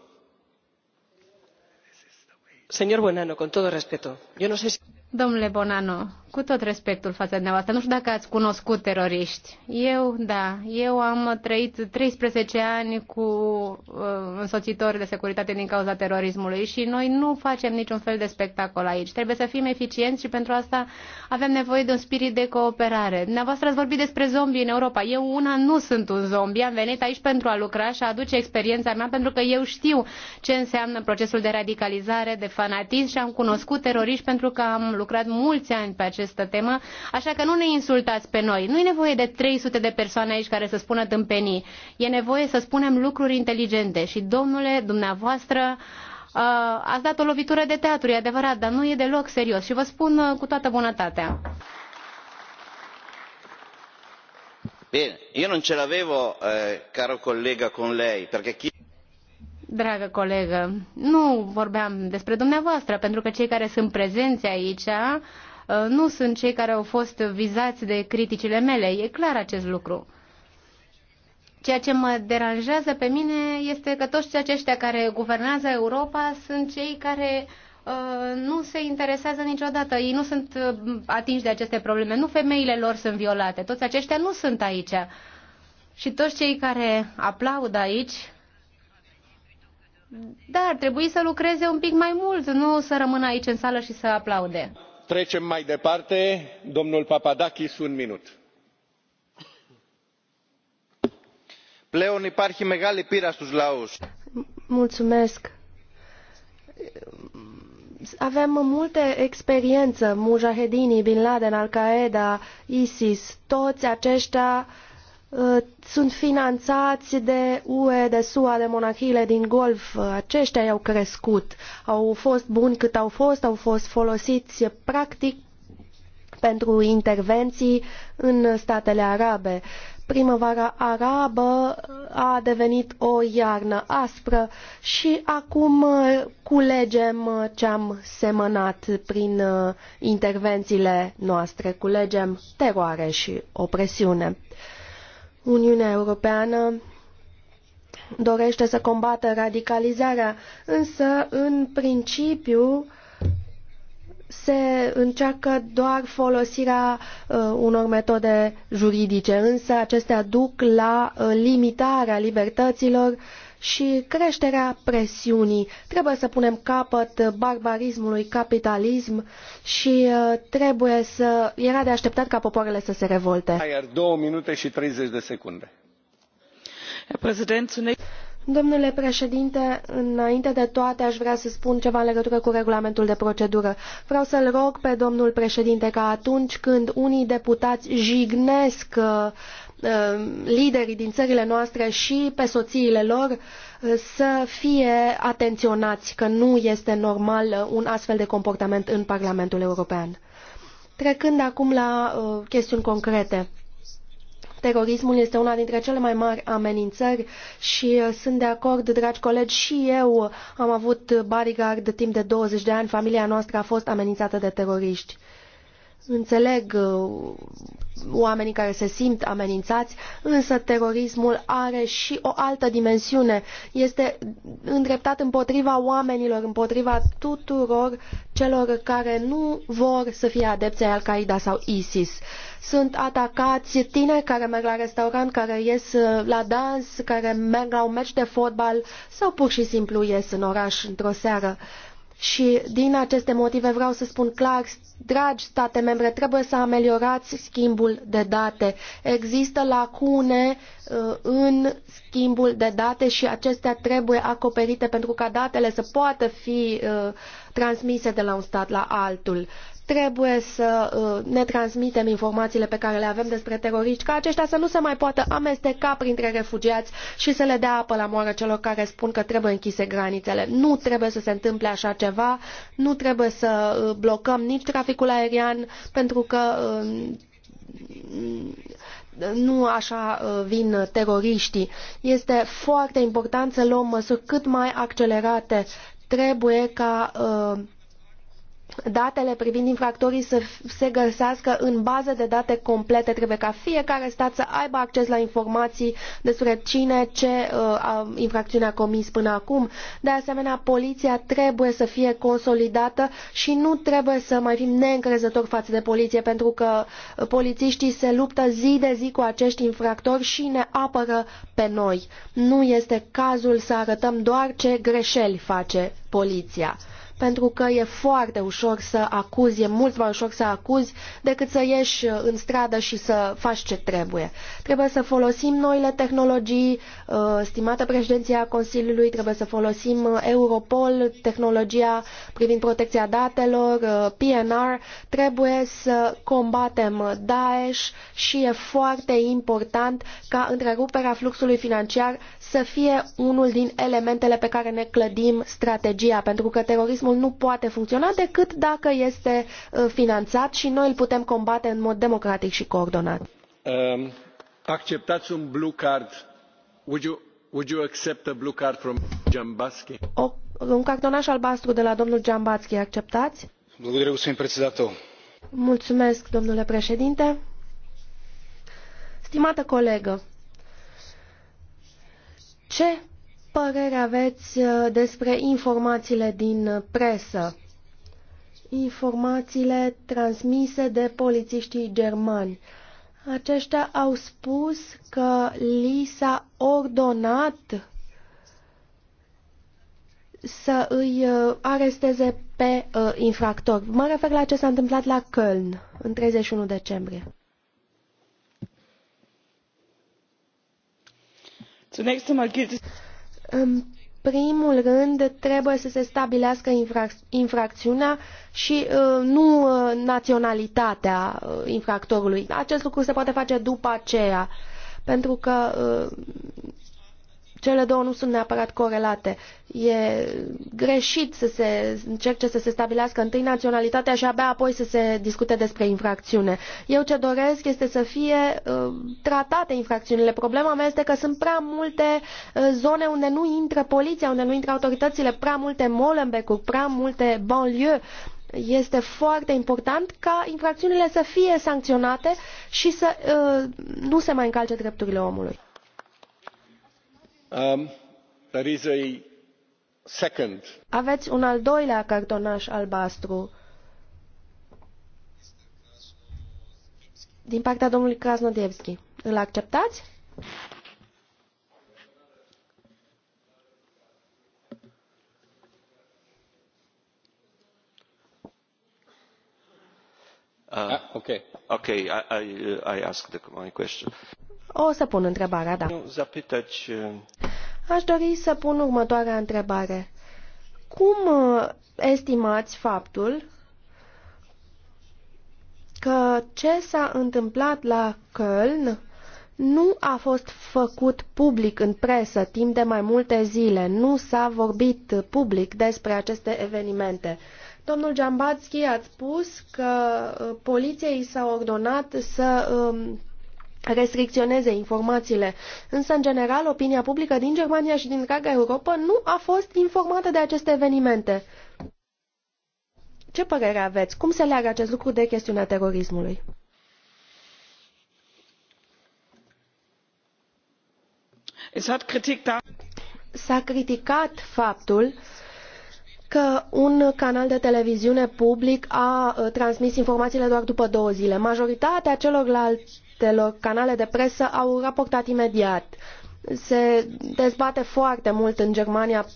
Señor Bonanno, con todo respeto, yo no sé si... Domnule Bonanno, cu tot respectul față de dumneavoastră, nu știu dacă ați cunoscut teroriști. Eu, da, eu am trăit 13 ani cu uh, însoțitori de securitate din cauza terorismului și noi nu facem niciun fel de spectacol aici. Trebuie să fim eficienți și pentru asta avem nevoie de un spirit de cooperare. Dumneavoastră ați vorbit despre zombi în Europa. Eu una nu sunt un zombi. am venit aici pentru a lucra și a aduce experiența mea pentru că eu știu ce înseamnă procesul de radicalizare, de fanatism și am cunoscut teroriști pentru că am lucrat mulți ani pe această temă, așa că nu ne insultați pe noi. Nu e nevoie de 300 de persoane aici care să spună tâmpenii. E nevoie să spunem lucruri inteligente și, domnule, dumneavoastră, uh, ați dat o lovitură de teatru, e adevărat, dar nu e deloc serios și vă spun uh, cu toată bunătatea. Bine, eu nu ce l'avevo, eh, uh, caro collega, con lei, perché chi... Dragă colegă, nu vorbeam despre dumneavoastră, pentru că cei care sunt prezenți aici Uh, nu sunt cei care au fost vizați de criticile mele. E clar acest lucru. Ceea ce mă deranjează pe mine este că toți aceștia care guvernează Europa sunt cei care uh, nu se interesează niciodată. Ei nu sunt uh, atinși de aceste probleme. Nu femeile lor sunt violate. Toți aceștia nu sunt aici. Și toți cei care aplaud aici, da, trebuie să lucreze un pic mai mult, nu să rămână aici în sală și să aplaude trecem mai departe domnul papadakis un minut. Mulțumesc. Avem multe experiență, mujahedinii, Bin Laden, Al-Qaeda, ISIS, toți aceștia Uh, sunt finanțați de UE, de SUA, de monarhiile din Golf. Uh, aceștia i-au crescut, au fost buni cât au fost, au fost folosiți practic pentru intervenții în statele arabe. Primăvara arabă a devenit o iarnă aspră și acum uh, culegem ce am semănat prin intervențiile noastre, culegem teroare și opresiune. Uniunea Europeană dorește să combată radicalizarea, însă, în principiu, se încearcă doar folosirea uh, unor metode juridice, însă acestea duc la uh, limitarea libertăților și creșterea presiunii. Trebuie să punem capăt barbarismului, capitalism și uh, trebuie să... Era de așteptat ca popoarele să se revolte. Iar două minute și 30 de secunde. Domnule președinte, înainte de toate aș vrea să spun ceva în legătură cu regulamentul de procedură. Vreau să-l rog pe domnul președinte ca atunci când unii deputați jignesc uh, Uh, liderii din țările noastre și pe soțiile lor uh, să fie atenționați că nu este normal uh, un astfel de comportament în Parlamentul European. Trecând acum la uh, chestiuni concrete. Terorismul este una dintre cele mai mari amenințări și uh, sunt de acord, dragi colegi, și eu am avut bodyguard timp de 20 de ani, familia noastră a fost amenințată de teroriști. Uh, Înțeleg uh, oamenii care se simt amenințați, însă terorismul are și o altă dimensiune. Este îndreptat împotriva oamenilor, împotriva tuturor celor care nu vor să fie adepți ai Al-Qaeda sau ISIS. Sunt atacați tineri care merg la restaurant, care ies uh, la dans, care merg la un meci de fotbal sau pur și simplu ies în oraș într-o seară. Și din aceste motive vreau să spun clar, dragi state membre, trebuie să ameliorați schimbul de date. Există lacune uh, în schimbul de date și acestea trebuie acoperite pentru ca datele să poată fi uh, transmise de la un stat la altul trebuie să uh, ne transmitem informațiile pe care le avem despre teroriști, ca aceștia să nu se mai poată amesteca printre refugiați și să le dea apă la moară celor care spun că trebuie închise granițele. Nu trebuie să se întâmple așa ceva, nu trebuie să uh, blocăm nici traficul aerian, pentru că uh, nu așa vin teroriștii. Este foarte important să luăm măsuri cât mai accelerate. Trebuie ca uh, datele privind infractorii să se găsească în baze de date complete. Trebuie ca fiecare stat să aibă acces la informații despre cine, ce uh, infracțiune a comis până acum. De asemenea, poliția trebuie să fie consolidată și nu trebuie să mai fim neîncrezători față de poliție, pentru că uh, polițiștii se luptă zi de zi cu acești infractori și ne apără pe noi. Nu este cazul să arătăm doar ce greșeli face poliția pentru că e foarte ușor să acuzi, e mult mai ușor să acuzi decât să ieși în stradă și să faci ce trebuie. Trebuie să folosim noile tehnologii, uh, stimată președinția Consiliului, trebuie să folosim uh, Europol, tehnologia privind protecția datelor, uh, PNR, trebuie să combatem Daesh și e foarte important ca întreruperea fluxului financiar să fie unul din elementele pe care ne clădim strategia, pentru că terorismul terorismul nu poate funcționa decât dacă este uh, finanțat și noi îl putem combate în mod democratic și coordonat. Um, acceptați un blue card. Would you, would you accept a blue card from Giambaschi? O, un cartonaș albastru de la domnul Giambaschi, acceptați? Mulțumesc, domnule președinte. Stimată colegă, ce părere aveți uh, despre informațiile din presă? Informațiile transmise de polițiștii germani. Aceștia au spus că li s-a ordonat să îi uh, aresteze pe uh, infractor. Mă refer la ce s-a întâmplat la Köln în 31 decembrie. Zunächst einmal gilt es în primul rând, trebuie să se stabilească infrac infracțiunea și uh, nu uh, naționalitatea uh, infractorului. Acest lucru se poate face după aceea, pentru că uh, cele două nu sunt neapărat corelate. E greșit să se încerce să se stabilească întâi naționalitatea și abia apoi să se discute despre infracțiune. Eu ce doresc este să fie uh, tratate infracțiunile. Problema mea este că sunt prea multe uh, zone unde nu intră poliția, unde nu intră autoritățile, prea multe molenbeek prea multe banlieue este foarte important ca infracțiunile să fie sancționate și să uh, nu se mai încalce drepturile omului. Um, Aveți un al doilea cartonaș albastru din partea domnului Krasnodievski. Îl acceptați? Uh, ah, okay. Okay, I, I, uh, I asked the, my question. O să pun întrebarea, da. Aș dori să pun următoarea întrebare. Cum estimați faptul că ce s-a întâmplat la Köln nu a fost făcut public în presă timp de mai multe zile, nu s-a vorbit public despre aceste evenimente. Domnul Giambatski a spus că poliției s-a ordonat să um, restricționeze informațiile. Însă, în general, opinia publică din Germania și din întreaga Europa nu a fost informată de aceste evenimente. Ce părere aveți? Cum se leagă acest lucru de chestiunea terorismului? Da- S-a criticat faptul că un canal de televiziune public a uh, transmis informațiile doar după două zile. Majoritatea celorlalți diferitelor canale de presă au raportat imediat. Se dezbate foarte mult în Germania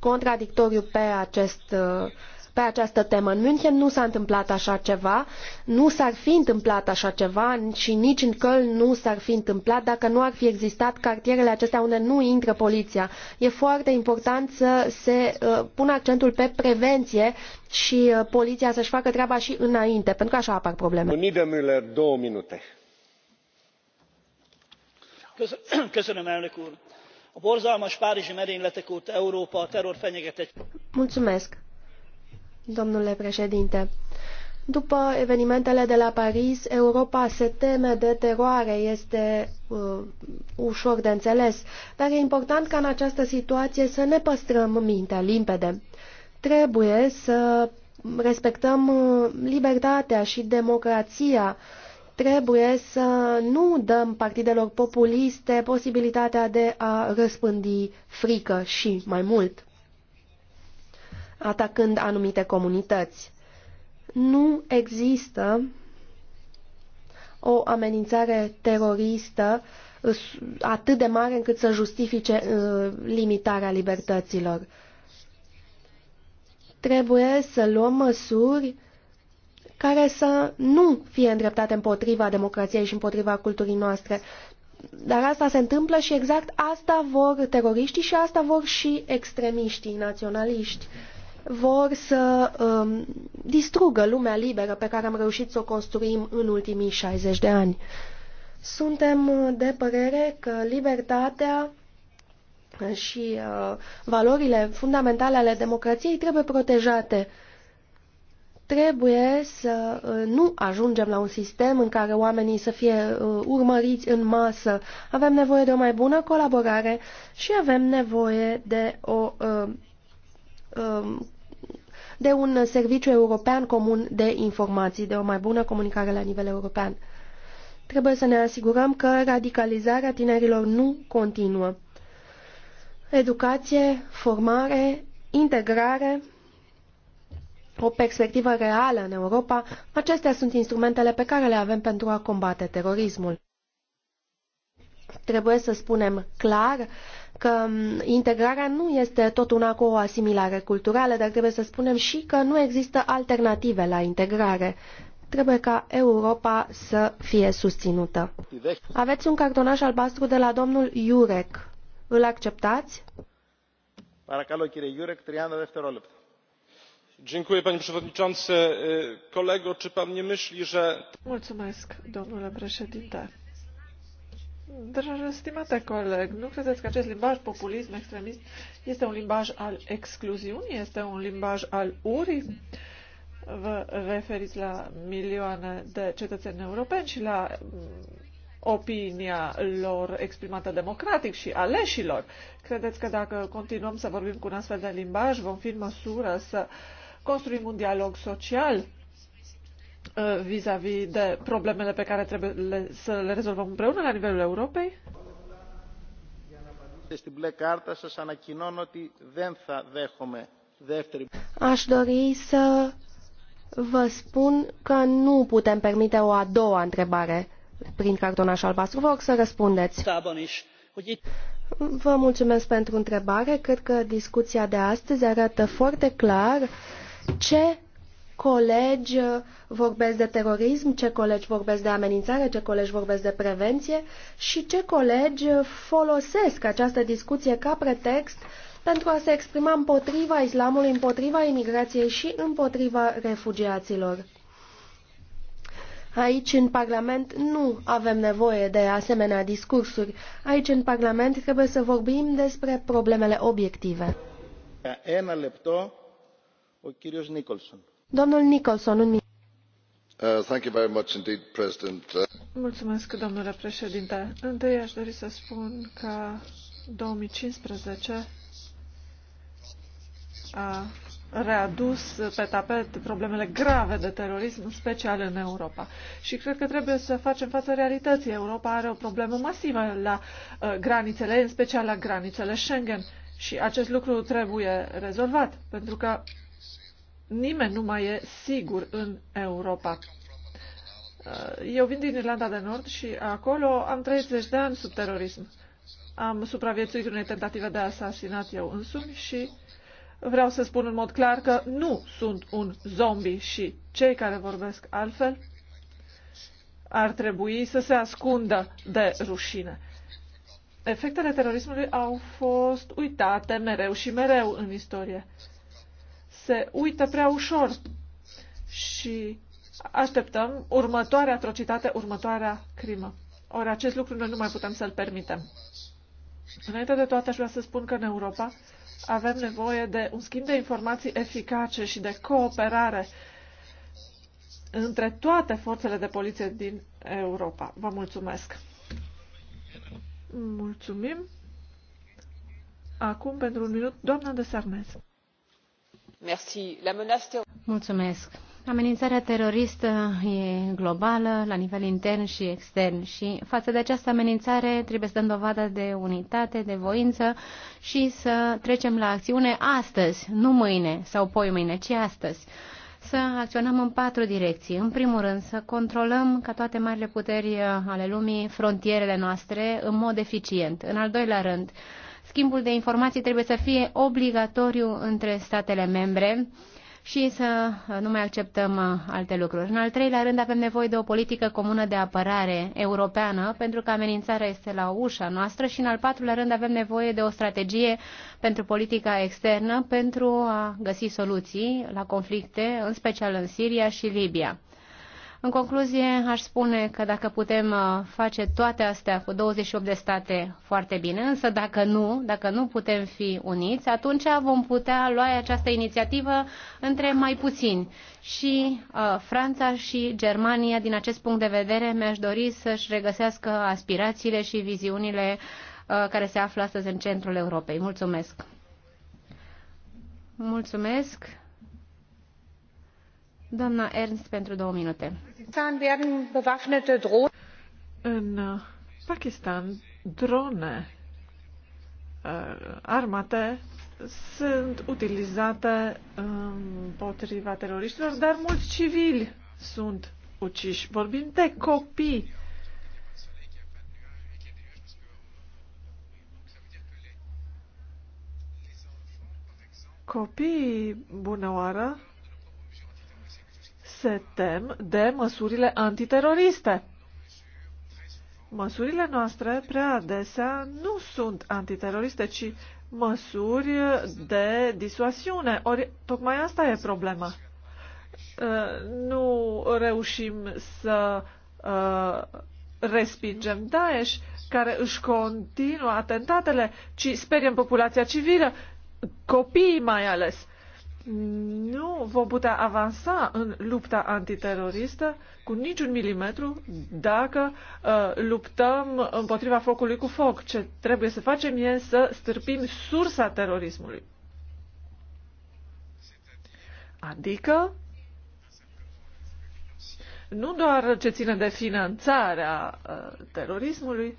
contradictoriu pe acest pe această temă. În München nu s-a întâmplat așa ceva, nu s-ar fi întâmplat așa ceva și nici în Köln nu s-ar fi întâmplat dacă nu ar fi existat cartierele acestea unde nu intră poliția. E foarte important să se uh, pună accentul pe prevenție și uh, poliția să-și facă treaba și înainte, pentru că așa apar probleme. Unii de Müller, două minute. elnök úr! a borzalmas párizsi merényletek óta európa a terrorfenyegetettségnek. domnule președinte după evenimentele de la paris europa se teme de teroare este uh, ușor de înțeles dar e important ca în această situație să ne păstrăm mintea limpede. trebuie să respectăm uh, libertatea și democrația uh, Trebuie să nu dăm partidelor populiste posibilitatea de a răspândi frică și mai mult, atacând anumite comunități. Nu există o amenințare teroristă atât de mare încât să justifice uh, limitarea libertăților. Trebuie să luăm măsuri care să nu fie îndreptate împotriva democrației și împotriva culturii noastre. Dar asta se întâmplă și exact asta vor teroriștii și asta vor și extremiștii naționaliști. Vor să um, distrugă lumea liberă pe care am reușit să o construim în ultimii 60 de ani. Suntem de părere că libertatea și uh, valorile fundamentale ale democrației trebuie protejate uh, Trebuie să uh, nu ajungem la un sistem în care oamenii să fie uh, urmăriți în masă. Avem nevoie de o mai bună colaborare și avem nevoie de o uh, um, de un serviciu european comun de informații, de o mai bună comunicare la nivel european. Trebuie să ne asigurăm că radicalizarea tinerilor nu continuă. Educație, formare, integrare o perspectivă reală în Europa, acestea sunt instrumentele pe care le avem pentru a combate terorismul. Trebuie să spunem clar că integrarea nu este tot una cu o asimilare culturală, dar trebuie să spunem și că nu există alternative la integrare. Trebuie ca Europa să fie susținută. Aveți un cartonaș albastru de la domnul Iurec. Îl acceptați? Paracalo, chire Iurec, 30 de panie przewodniczący! kolego czy pan nie myśli że. domnule președinte stimate coleg nu credeți că acest limbaj populism extremist este un limbaj al excluziunii este un limbaj al urii? vă referiți la milioane de cetățeni europeni și la mm, opinia lor exprimată democratic și aleșilor. Credeți că dacă continuăm să vorbim cu un astfel de limbaj, vom fi în măsură să uh, construim un dialog social uh, vis-a-vis -vis de problemele pe care trebuie le, să le rezolvăm împreună la nivelul Europei? Aș dori să vă spun că nu putem permite o a doua întrebare prin cartonaș albastru. Vă rog să răspundeți. Vă mulțumesc pentru întrebare. Cred că discuția de astăzi arată foarte clar ce colegi uh, vorbesc de terorism, ce colegi vorbesc de amenințare, ce colegi vorbesc de prevenție și ce colegi uh, folosesc această discuție ca pretext pentru a se exprima împotriva islamului, împotriva imigrației și împotriva refugiaților. Aici, în Parlament, nu avem nevoie de asemenea discursuri. Aici, în Parlament, trebuie să vorbim despre problemele obiective. Nicholson, uh, uh, Mulțumesc, domnule președinte întâi aș dori să spun că două mii cincisprezece a readus pe tapet problemele grave de terorism în special în europa și cred că trebuie să facem față realității europa are o problemă masivă la uh, granițele în special la granițele schengen și acest lucru trebuie rezolvat pentru că nimeni nu mai e sigur în Europa. Uh, eu vin din Irlanda de Nord și acolo am 30 de ani sub terorism. Am supraviețuit unei tentative de asasinat eu însumi și vreau să spun în mod clar că nu sunt un zombie și cei care vorbesc altfel ar trebui să se ascundă de rușine. Efectele terorismului au fost uitate mereu și mereu în istorie se uită prea ușor și așteptăm următoarea atrocitate, următoarea crimă. Ori acest lucru noi nu mai putem să-l permitem. Înainte de toate, aș vrea să spun că în Europa avem nevoie de un schimb de informații eficace și de cooperare între toate forțele de poliție din Europa. Vă mulțumesc! Mulțumim! Acum, pentru un minut, doamna de Sarmez. Amenințarea teroristă e globală, la nivel intern și extern și față de această amenințare trebuie să dăm dovadă de unitate, de voință și să trecem la acțiune astăzi, nu mâine sau poi mâine, ci astăzi. Să acționăm în patru direcții. În primul rând, să controlăm ca toate marile puteri ale lumii frontierele noastre în mod eficient. În al doilea rând, Schimbul de informații trebuie să fie obligatoriu între statele membre și să nu mai acceptăm uh, alte lucruri. În al treilea rând, avem nevoie de o politică comună de apărare europeană, pentru că amenințarea este la ușa noastră și, în al patrulea rând, avem nevoie de o strategie pentru politica externă pentru a găsi soluții la conflicte, în special în Siria și Libia. În concluzie, aș spune că dacă putem uh, face toate astea cu 28 de state, foarte bine, însă dacă nu, dacă nu putem fi uniți, atunci vom putea lua această inițiativă între mai puțini. Și uh, Franța și Germania, din acest punct de vedere, mi-aș dori să-și regăsească aspirațiile și viziunile uh, care se află astăzi în centrul Europei. Mulțumesc! Mulțumesc! Doamna Ernst, pentru două minute. În uh, Pakistan, drone uh, armate sunt utilizate împotriva um, teroriștilor, dar mulți civili sunt uciși. Vorbim de copii. Copii, bună oară, se tem de măsurile antiteroriste. Măsurile noastre prea adesea nu sunt antiteroriste, ci măsuri de disuasiune. Ori tocmai asta e problema. Uh, nu reușim să uh, respingem Daesh, care își continuă atentatele, ci speriem populația civilă, copiii mai ales nu vom putea avansa în lupta antiteroristă cu niciun milimetru dacă uh, luptăm împotriva focului cu foc. Ce trebuie să facem e să stârpim sursa terorismului. Adică nu doar ce ține de finanțarea uh, terorismului,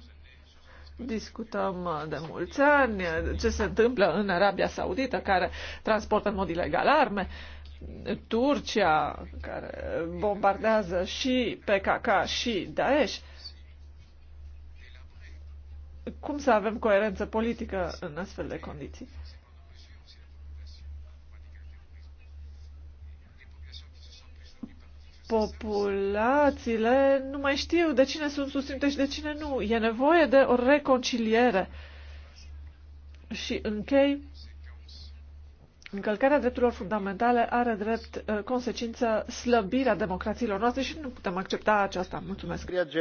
discutăm uh, de mulți ani uh, ce se întâmplă în Arabia Saudită, care transportă în mod ilegal arme, Turcia, care bombardează și PKK și Daesh. Cum să avem coerență politică în astfel de condiții? populațiile nu mai știu de cine sunt susținute și de cine nu. E nevoie de o reconciliere. Și închei, încălcarea drepturilor fundamentale are drept uh, consecință slăbirea democrațiilor noastre și nu putem accepta aceasta. Mulțumesc. Thank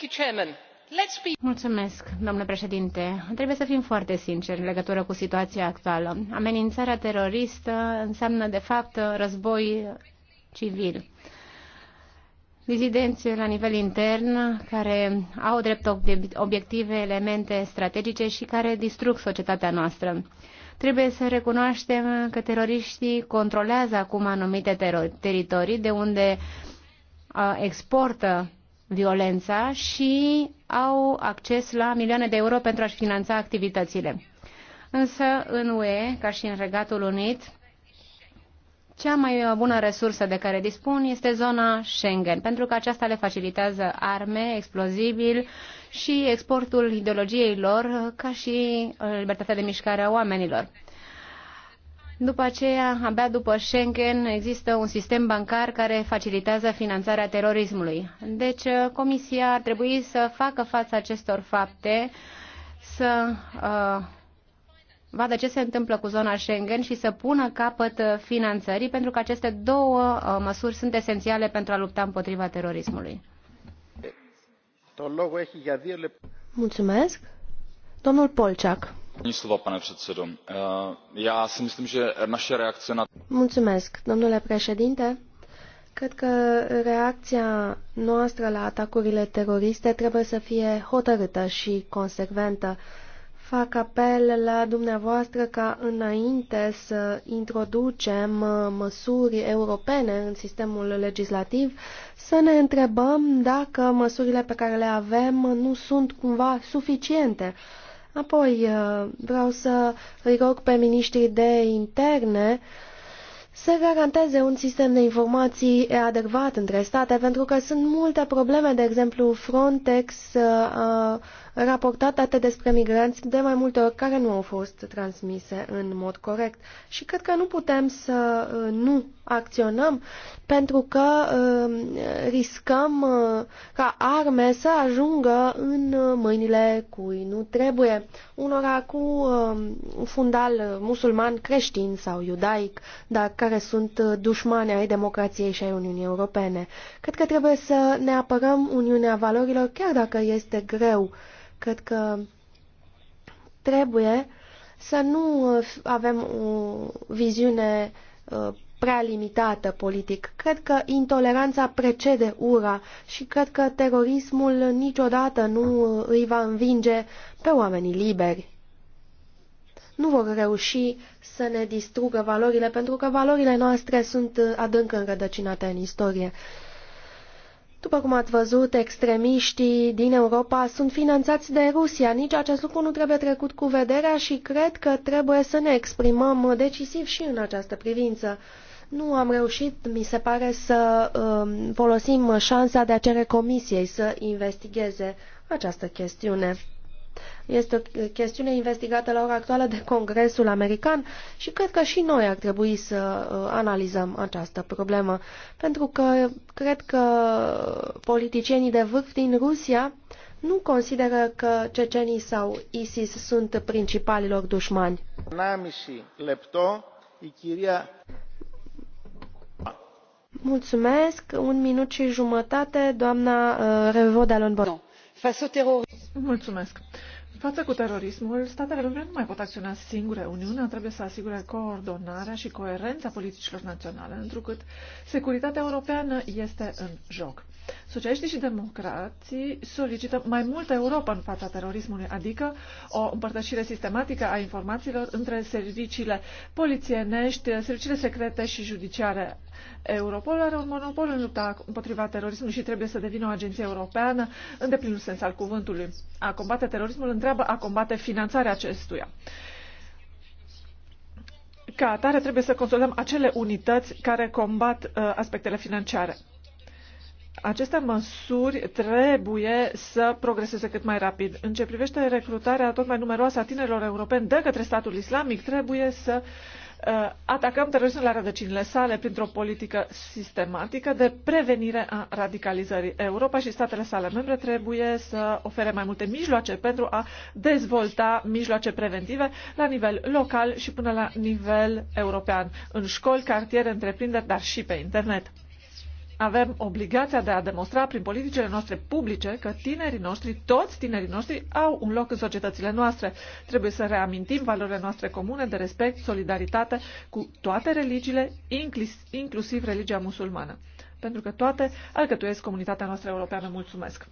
you, Chairman. Mulțumesc, domnule președinte. Trebuie să fim foarte sinceri în legătură cu situația actuală. Amenințarea teroristă înseamnă, de fapt, război civil. Dizidenții la nivel intern care au drept obiective elemente strategice și care distrug societatea noastră. Trebuie să recunoaștem că teroriștii controlează acum anumite teritorii de unde uh, exportă violența și au acces la milioane de euro pentru a-și finanța activitățile. Însă, în UE, ca și în Regatul Unit, cea mai bună resursă de care dispun este zona Schengen, pentru că aceasta le facilitează arme, explozibili și exportul ideologiei lor, ca și libertatea de mișcare a oamenilor. După aceea, abia după Schengen, există un sistem bancar care facilitează finanțarea terorismului. Deci, uh, Comisia ar trebui să facă față acestor fapte, să uh, vadă ce se întâmplă cu zona Schengen și să pună capăt uh, finanțării, pentru că aceste două uh, măsuri sunt esențiale pentru a lupta împotriva terorismului. Mulțumesc. Domnul Polciac pane domnule președinte cred că reacția noastră la atacurile teroriste trebuie să fie hotărâtă și consecventă. Fac apel la dumneavoastră ca înainte să introducem uh, măsuri europene în sistemul legislativ, să ne întrebăm dacă măsurile pe care le avem nu sunt cumva suficiente Apoi uh, vreau să îi rog pe miniștrii de interne să garanteze un sistem de informații adecvat între state, pentru că sunt multe probleme, de exemplu Frontex uh, raportat date despre migranți de mai multe ori care nu au fost transmise în mod corect. Și cred că nu putem să uh, nu acționăm pentru că uh, riscăm uh, ca arme să ajungă în mâinile cui nu trebuie, unora cu un um, fundal musulman, creștin sau iudaic, dar care sunt dușmani ai democrației și ai Uniunii Europene. Cred că trebuie să ne apărăm Uniunea Valorilor, chiar dacă este greu Cred că trebuie să nu uh, avem o viziune uh, prea limitată politic. Cred că intoleranța precede ura și cred că terorismul niciodată nu uh, îi va învinge pe oamenii liberi. Nu vor reuși să ne distrugă valorile, pentru că valorile noastre sunt adânc înrădăcinate în istorie. După cum ați văzut, extremiștii din Europa sunt finanțați de Rusia. Nici acest lucru nu trebuie trecut cu vederea și cred că trebuie să ne exprimăm decisiv și în această privință. Nu am reușit, mi se pare, să um, folosim șansa de a cere comisiei să investigheze această chestiune. Este o chestiune investigată la ora actuală de Congresul American și cred că și noi ar trebui să uh, analizăm această problemă, pentru că cred că politicienii de vârf din Rusia nu consideră că cecenii sau ISIS sunt principalilor dușmani. Mulțumesc. Un minut și jumătate, doamna uh, Revodalon Born. No. În Față cu terorismul, statele membre nu mai pot acționa singure. Uniunea trebuie să asigure coordonarea și coerența politicilor naționale, întrucât securitatea europeană este în joc. Socialiștii și democrații solicită mai multă Europa în fața terorismului, adică o împărtășire sistematică a informațiilor între serviciile polițienești, serviciile secrete și judiciare. Europol are un monopol în lupta împotriva terorismului și trebuie să devină o agenție europeană în deplinul sens al cuvântului. A combate terorismul întreabă a combate finanțarea acestuia ca atare trebuie să consolidăm acele unități care combat uh, aspectele financiare aceste măsuri trebuie să progreseze cât mai rapid. În ce privește recrutarea tot mai numeroasă a tinerilor europeni de către statul islamic, trebuie să uh, atacăm terorismul la rădăcinile sale printr-o politică sistematică de prevenire a radicalizării. Europa și statele sale membre trebuie să ofere mai multe mijloace pentru a dezvolta mijloace preventive la nivel local și până la nivel european, în școli, cartiere, întreprinderi, dar și pe internet avem obligația de a demonstra prin politicile noastre publice că tinerii noștri, toți tinerii noștri, au un loc în societățile noastre. Trebuie să reamintim valorile noastre comune de respect, solidaritate cu toate religiile, inclusiv religia musulmană, pentru că toate alcătuiesc comunitatea noastră europeană. Mulțumesc!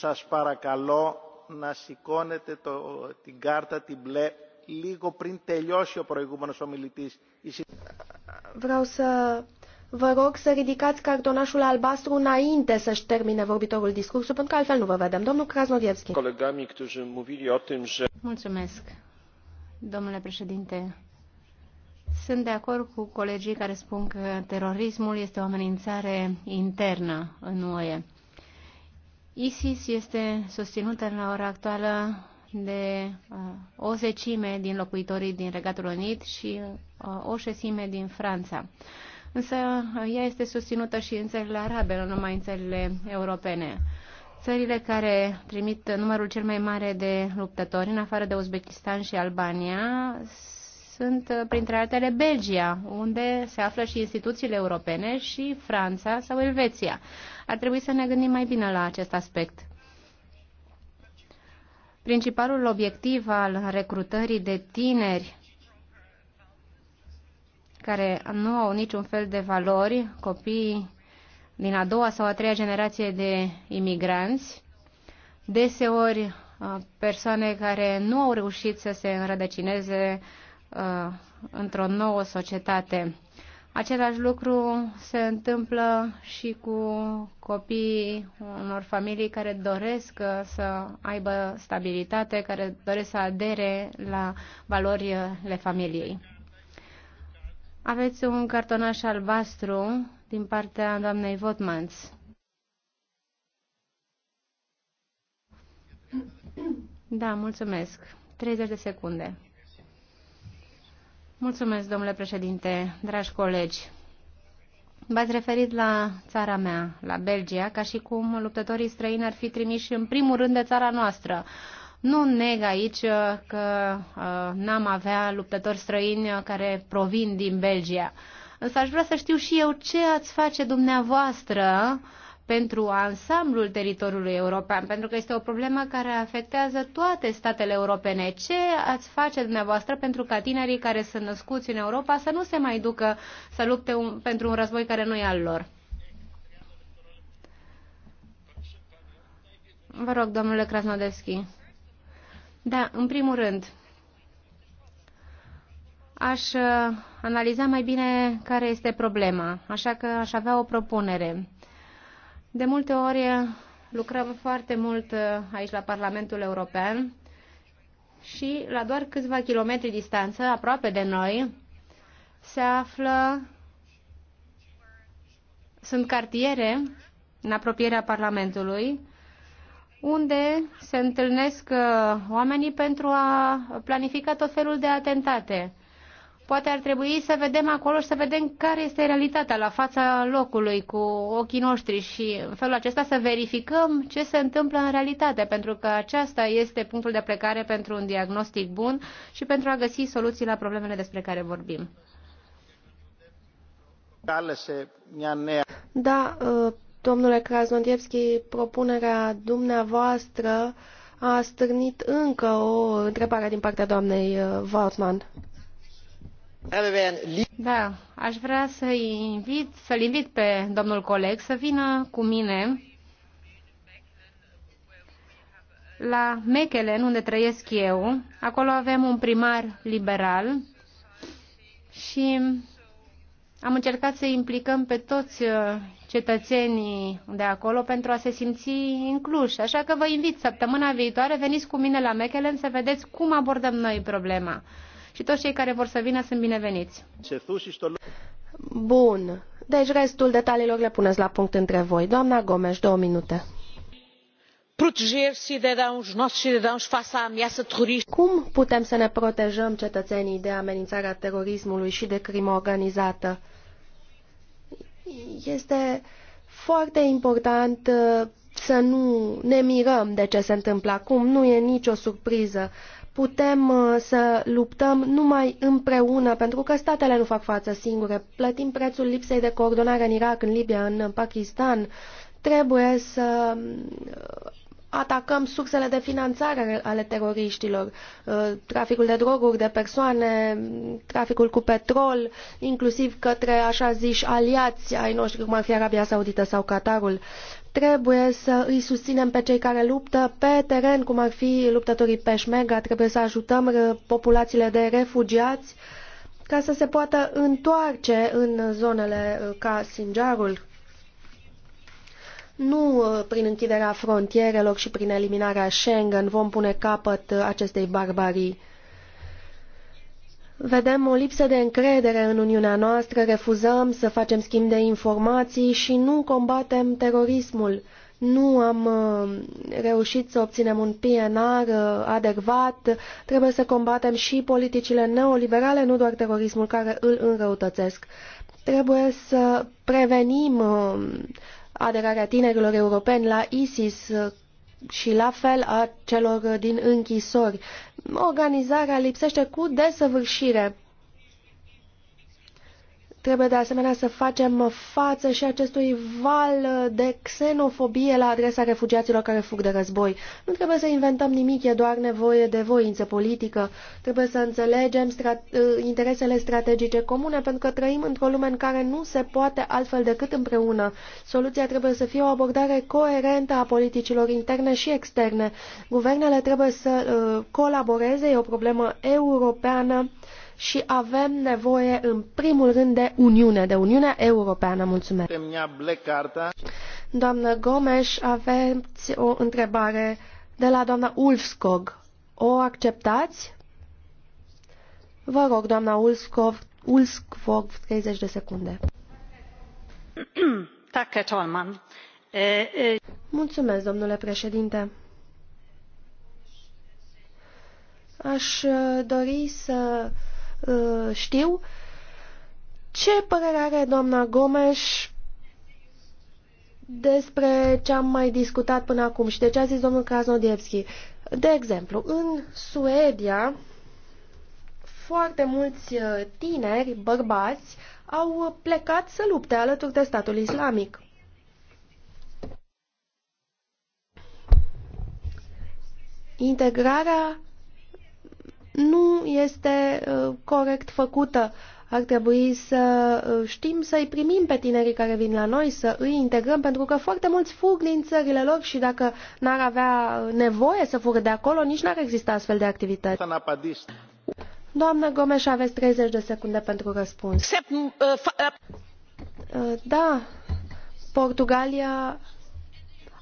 Σας παρακαλώ να σηκώνετε το, την κάρτα την μπλε Vreau să vă rog să ridicați cartonașul albastru înainte să-și termine vorbitorul discursul, pentru că altfel nu vă vedem. Domnul Krasnodievski. Mulțumesc, domnule președinte. Sunt de acord cu colegii care spun că terorismul este o amenințare internă în UE. ISIS este susținută la ora actuală de uh, o zecime din locuitorii din Regatul Unit și uh, o șesime din Franța. Însă uh, ea este susținută și în țările arabe, nu numai în țările europene. Țările care trimit numărul cel mai mare de luptători, în afară de Uzbekistan și Albania, sunt printre altele Belgia, unde se află și instituțiile europene și Franța sau Elveția. Ar trebui să ne gândim mai bine la acest aspect. Principalul obiectiv al recrutării de tineri care nu au niciun fel de valori, copiii din a doua sau a treia generație de imigranți, deseori uh, persoane care nu au reușit să se înrădăcineze uh, într-o nouă societate. Același lucru se întâmplă și cu copiii unor familii care doresc uh, să aibă stabilitate, care doresc să adere la valorile familiei. Aveți un cartonaș albastru din partea doamnei Votmans. Da, mulțumesc. 30 de secunde. Mulțumesc, domnule președinte, dragi colegi. V-ați referit la țara mea, la Belgia, ca și cum luptătorii străini ar fi trimiși în primul rând de țara noastră. Nu neg aici că uh, n-am avea luptători străini care provin din Belgia. Însă aș vrea să știu și eu ce ați face dumneavoastră uh, pentru ansamblul teritoriului european, pentru că este o problemă care afectează toate statele europene. Ce ați face dumneavoastră pentru ca tinerii care sunt născuți în Europa să nu se mai ducă să lupte un, pentru un război care nu e al lor? Vă rog, domnule Krasnodevski. Da, în primul rând, aș uh, analiza mai bine care este problema, așa că aș avea o propunere. De multe ori lucrăm foarte mult uh, aici la Parlamentul European și la doar câțiva kilometri distanță, aproape de noi, se află, sunt cartiere în apropierea Parlamentului, unde se întâlnesc uh, oamenii pentru a planifica tot felul de atentate. Poate ar trebui să vedem acolo și să vedem care este realitatea la fața locului cu ochii noștri și în felul acesta să verificăm ce se întâmplă în realitate, pentru că aceasta este punctul de plecare pentru un diagnostic bun și pentru a găsi soluții la problemele despre care vorbim. Da, domnule Krasnodievski, propunerea dumneavoastră a stârnit încă o întrebare din partea doamnei Vautman. Da, aș vrea să invit, să l invit pe domnul coleg să vină cu mine la Mechelen, unde trăiesc eu. Acolo avem un primar liberal și am încercat să implicăm pe toți uh, cetățenii de acolo pentru a se simți incluși. Așa că vă invit săptămâna viitoare, veniți cu mine la Mechelen să vedeți cum abordăm noi problema și toți cei care vor să vină sunt bineveniți. Bun. Deci restul detaliilor le puneți la punct între voi. Doamna Gomes, două minute. Cum putem să ne protejăm cetățenii de amenințarea terorismului și de crimă organizată? Este foarte important uh, să nu ne mirăm de ce se întâmplă acum. Nu e nicio surpriză. Uh, putem uh, să luptăm numai împreună, pentru că statele nu fac față singure. Plătim prețul lipsei de coordonare în Irak, în Libia, în Pakistan. Trebuie să uh, atacăm sursele de finanțare ale teroriștilor, uh, traficul de droguri, de persoane, traficul cu petrol, inclusiv către așa ziși aliați ai noștri, cum ar fi Arabia Saudită sau Qatarul. Trebuie să îi susținem pe cei care luptă pe teren, cum ar fi luptătorii peșmega, trebuie să ajutăm populațiile de refugiați ca să se poată întoarce în zonele uh, ca Sinjarul. Nu uh, prin închiderea frontierelor și prin eliminarea Schengen vom pune capăt uh, acestei barbarii. Vedem o lipsă de încredere în Uniunea noastră, refuzăm să facem schimb de informații și nu combatem terorismul. Nu am uh, reușit să obținem un PNR uh, adecvat, trebuie să combatem și politicile neoliberale, nu doar terorismul care îl înrăutățesc. Trebuie să prevenim uh, aderarea tinerilor europeni la ISIS, și la fel a celor din închisori. Organizarea lipsește cu desăvârșire Trebuie de asemenea să facem față și acestui val de xenofobie la adresa refugiaților care fug de război. Nu trebuie să inventăm nimic, e doar nevoie de voință politică. Trebuie să înțelegem strat ă, interesele strategice comune, pentru că trăim într-o lume în care nu se poate altfel decât împreună. Soluția trebuie să fie o abordare coerentă a politicilor interne și externe. Guvernele trebuie să uh, colaboreze, e o problemă europeană și avem nevoie, în primul rând, de Uniune, de Uniunea Europeană. Mulțumesc! Doamnă Gomes, aveți o întrebare de la doamna Ulfskog. O acceptați? Vă rog, doamna Ulfskog, Ulfskog 30 de secunde. Eh, eh. Mulțumesc, domnule președinte. Aș eh, dori să Uh, știu. Ce părere are doamna Gomes despre ce am mai discutat până acum și de ce a zis domnul Krasnodievski? De exemplu, în Suedia, foarte mulți uh, tineri, bărbați, au plecat să lupte alături de statul islamic. Integrarea nu este uh, corect făcută. Ar trebui să uh, știm să-i primim pe tinerii care vin la noi, să îi integrăm, pentru că foarte mulți fug din țările lor și dacă n-ar avea nevoie să fugă de acolo, nici n-ar exista astfel de activități. Doamnă Gomes, aveți 30 de secunde pentru răspuns. Uh, da, Portugalia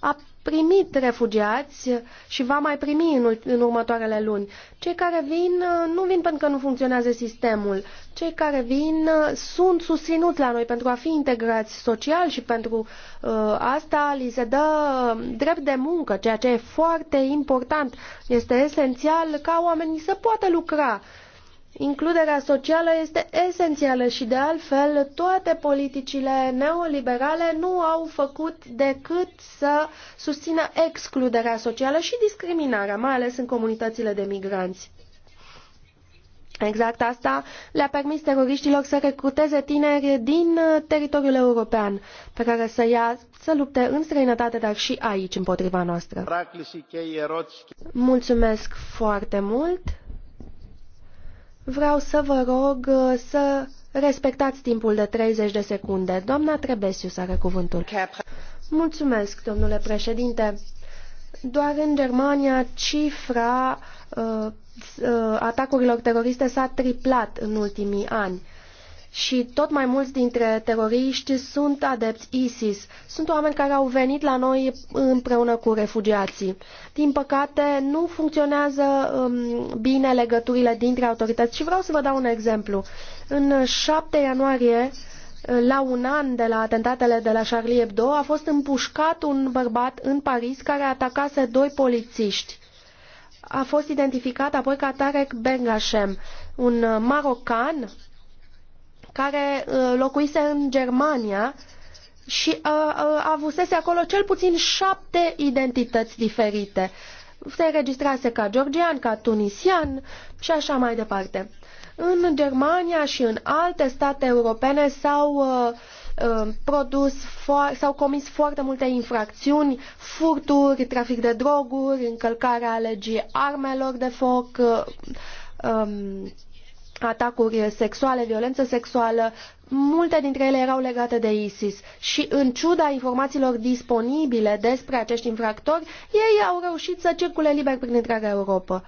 a primit refugiați și va mai primi în, în următoarele luni. Cei care vin nu vin pentru că nu funcționează sistemul. Cei care vin sunt susținuți la noi pentru a fi integrați social și pentru uh, asta li se dă drept de muncă, ceea ce e foarte important. Este esențial ca oamenii să poată lucra Includerea socială este esențială și, de altfel, toate politicile neoliberale nu au făcut decât să susțină excluderea socială și discriminarea, mai ales în comunitățile de migranți. Exact asta le-a permis teroriștilor să recruteze tineri din teritoriul european, pe care să ia să lupte în străinătate, dar și aici, împotriva noastră. Mulțumesc foarte mult! Vreau să vă rog uh, să respectați timpul de 30 de secunde. Doamna să are cuvântul. Mulțumesc, domnule președinte. Doar în Germania cifra uh, uh atacurilor teroriste s-a triplat în ultimii ani și tot mai mulți dintre teroriști sunt adepți ISIS. Sunt oameni care au venit la noi împreună cu refugiații. Din păcate, nu funcționează um, bine legăturile dintre autorități și vreau să vă dau un exemplu. În 7 ianuarie, la un an de la atentatele de la Charlie Hebdo, a fost împușcat un bărbat în Paris care atacase doi polițiști. A fost identificat apoi ca Tarek Bengashem, un marocan care uh, locuise în Germania și uh, uh, avusese acolo cel puțin șapte identități diferite. Se înregistrase ca georgian, ca tunisian și așa mai departe. În Germania și în alte state europene s-au uh, produs, s-au comis foarte multe infracțiuni, furturi, trafic de droguri, încălcarea legii armelor de foc, um, atacuri sexuale, violență sexuală, multe dintre ele erau legate de ISIS și în ciuda informațiilor disponibile despre acești infractori, ei au reușit să circule liber prin întreaga Europa.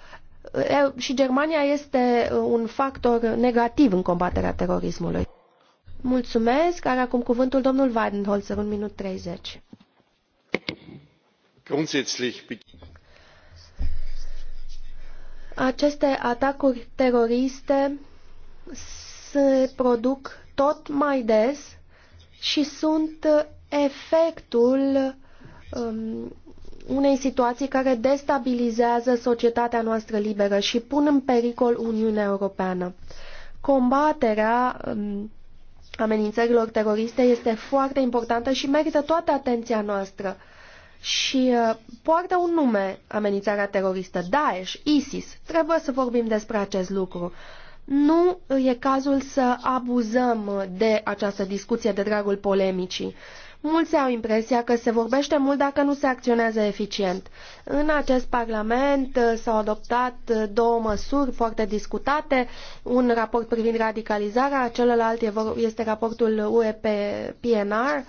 Și Germania este uh, un factor negativ în combaterea terorismului. Mulțumesc. Are acum cuvântul domnul Weidenholzer, un minut 30. Aceste atacuri teroriste se produc tot mai des și sunt efectul um, unei situații care destabilizează societatea noastră liberă și pun în pericol Uniunea Europeană. Combaterea um, amenințărilor teroriste este foarte importantă și merită toată atenția noastră. Uh, și uh, poartă un nume, amenințarea teroristă, Daesh, ISIS. Trebuie să vorbim despre acest lucru. Nu e cazul să abuzăm de această discuție de dragul polemicii. Mulți au impresia că se vorbește mult dacă nu se acționează eficient. În acest Parlament uh, s-au adoptat uh, două măsuri foarte discutate, un raport privind radicalizarea, celălalt este raportul uep PNR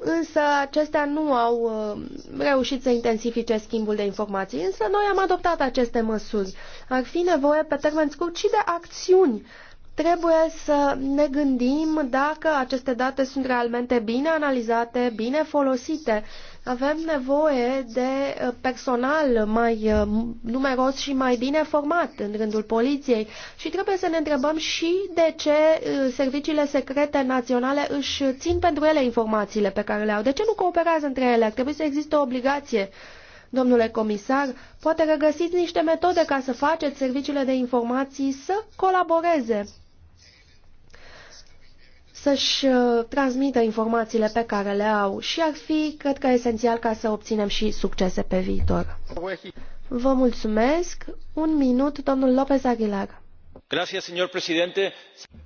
însă acestea nu au uh, reușit să intensifice schimbul de informații. Însă noi am adoptat aceste măsuri. Ar fi nevoie pe termen scurt și de acțiuni. Trebuie să ne gândim dacă aceste date sunt realmente bine analizate, bine folosite avem nevoie de uh, personal mai uh, numeros și mai bine format în rândul poliției și trebuie să ne întrebăm și de ce uh, serviciile secrete naționale își țin pentru ele informațiile pe care le au. De ce nu cooperează între ele? Ar trebui să existe o obligație. Domnule comisar, poate regăsiți niște metode ca să faceți serviciile de informații să colaboreze să-și uh, transmită informațiile pe care le au și ar fi, cred că, esențial ca să obținem și succese pe viitor. Vă mulțumesc. Un minut, domnul López Aguilar.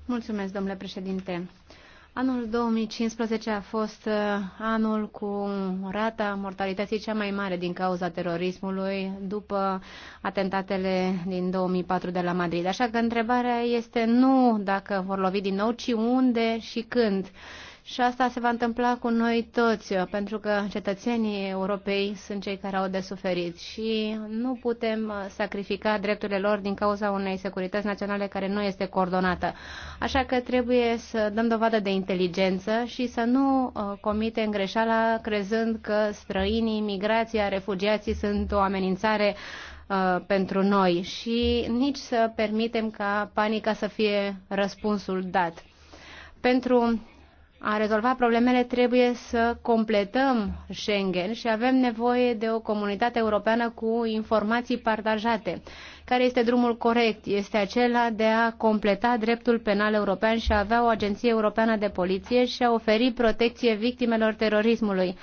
Mulțumesc, domnule președinte. Anul 2015 a fost uh, anul cu rata mortalității cea mai mare din cauza terorismului după atentatele din 2004 de la Madrid. Așa că întrebarea este nu dacă vor lovi din nou, ci unde și când. Și asta se va întâmpla cu noi toți, pentru că cetățenii europei sunt cei care au de suferit și nu putem sacrifica drepturile lor din cauza unei securități naționale care nu este coordonată. Așa că trebuie să dăm dovadă de inteligență și să nu uh, comitem greșeala crezând că străinii, migrația, refugiații sunt o amenințare uh, pentru noi și nici să permitem ca panica să fie răspunsul dat. Pentru a rezolva problemele trebuie să completăm Schengen și avem nevoie de o comunitate europeană cu informații partajate. Care este drumul corect? Este acela de a completa dreptul penal european și a avea o agenție europeană de poliție și a oferi protecție victimelor terorismului.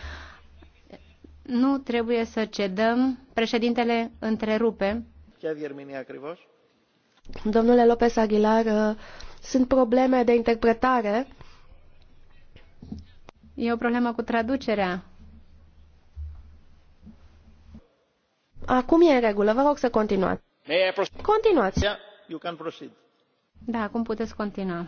Nu trebuie să cedăm. Președintele întrerupe. Domnule Lopez Aguilar, uh, sunt probleme de interpretare E o problemă cu traducerea. Acum e în regulă, vă rog să continuați. Continuați. Da, acum puteți continua.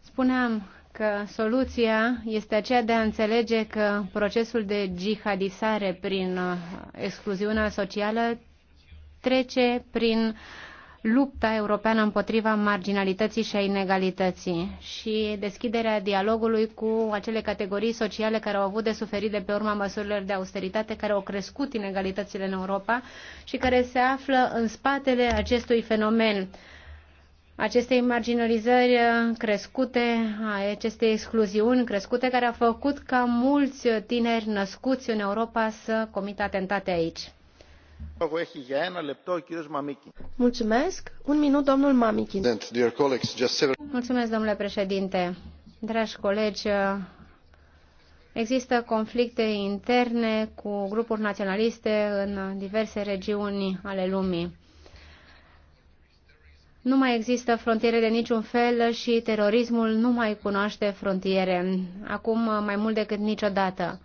Spuneam că soluția este aceea de a înțelege că procesul de jihadisare prin uh, excluziunea socială trece prin uh, lupta europeană împotriva marginalității și a inegalității și deschiderea dialogului cu acele categorii sociale care au avut de suferit de pe urma măsurilor de austeritate care au crescut inegalitățile în Europa și care se află în spatele acestui fenomen acestei marginalizări crescute, acestei excluziuni crescute care a făcut ca mulți tineri născuți în Europa să comită atentate aici. Mulțumesc. Un minut, domnul Mulțumesc, domnule președinte. Dragi colegi, există conflicte interne cu grupuri naționaliste în diverse regiuni ale lumii. Nu mai există frontiere de niciun fel și terorismul nu mai cunoaște frontiere, acum mai mult decât niciodată.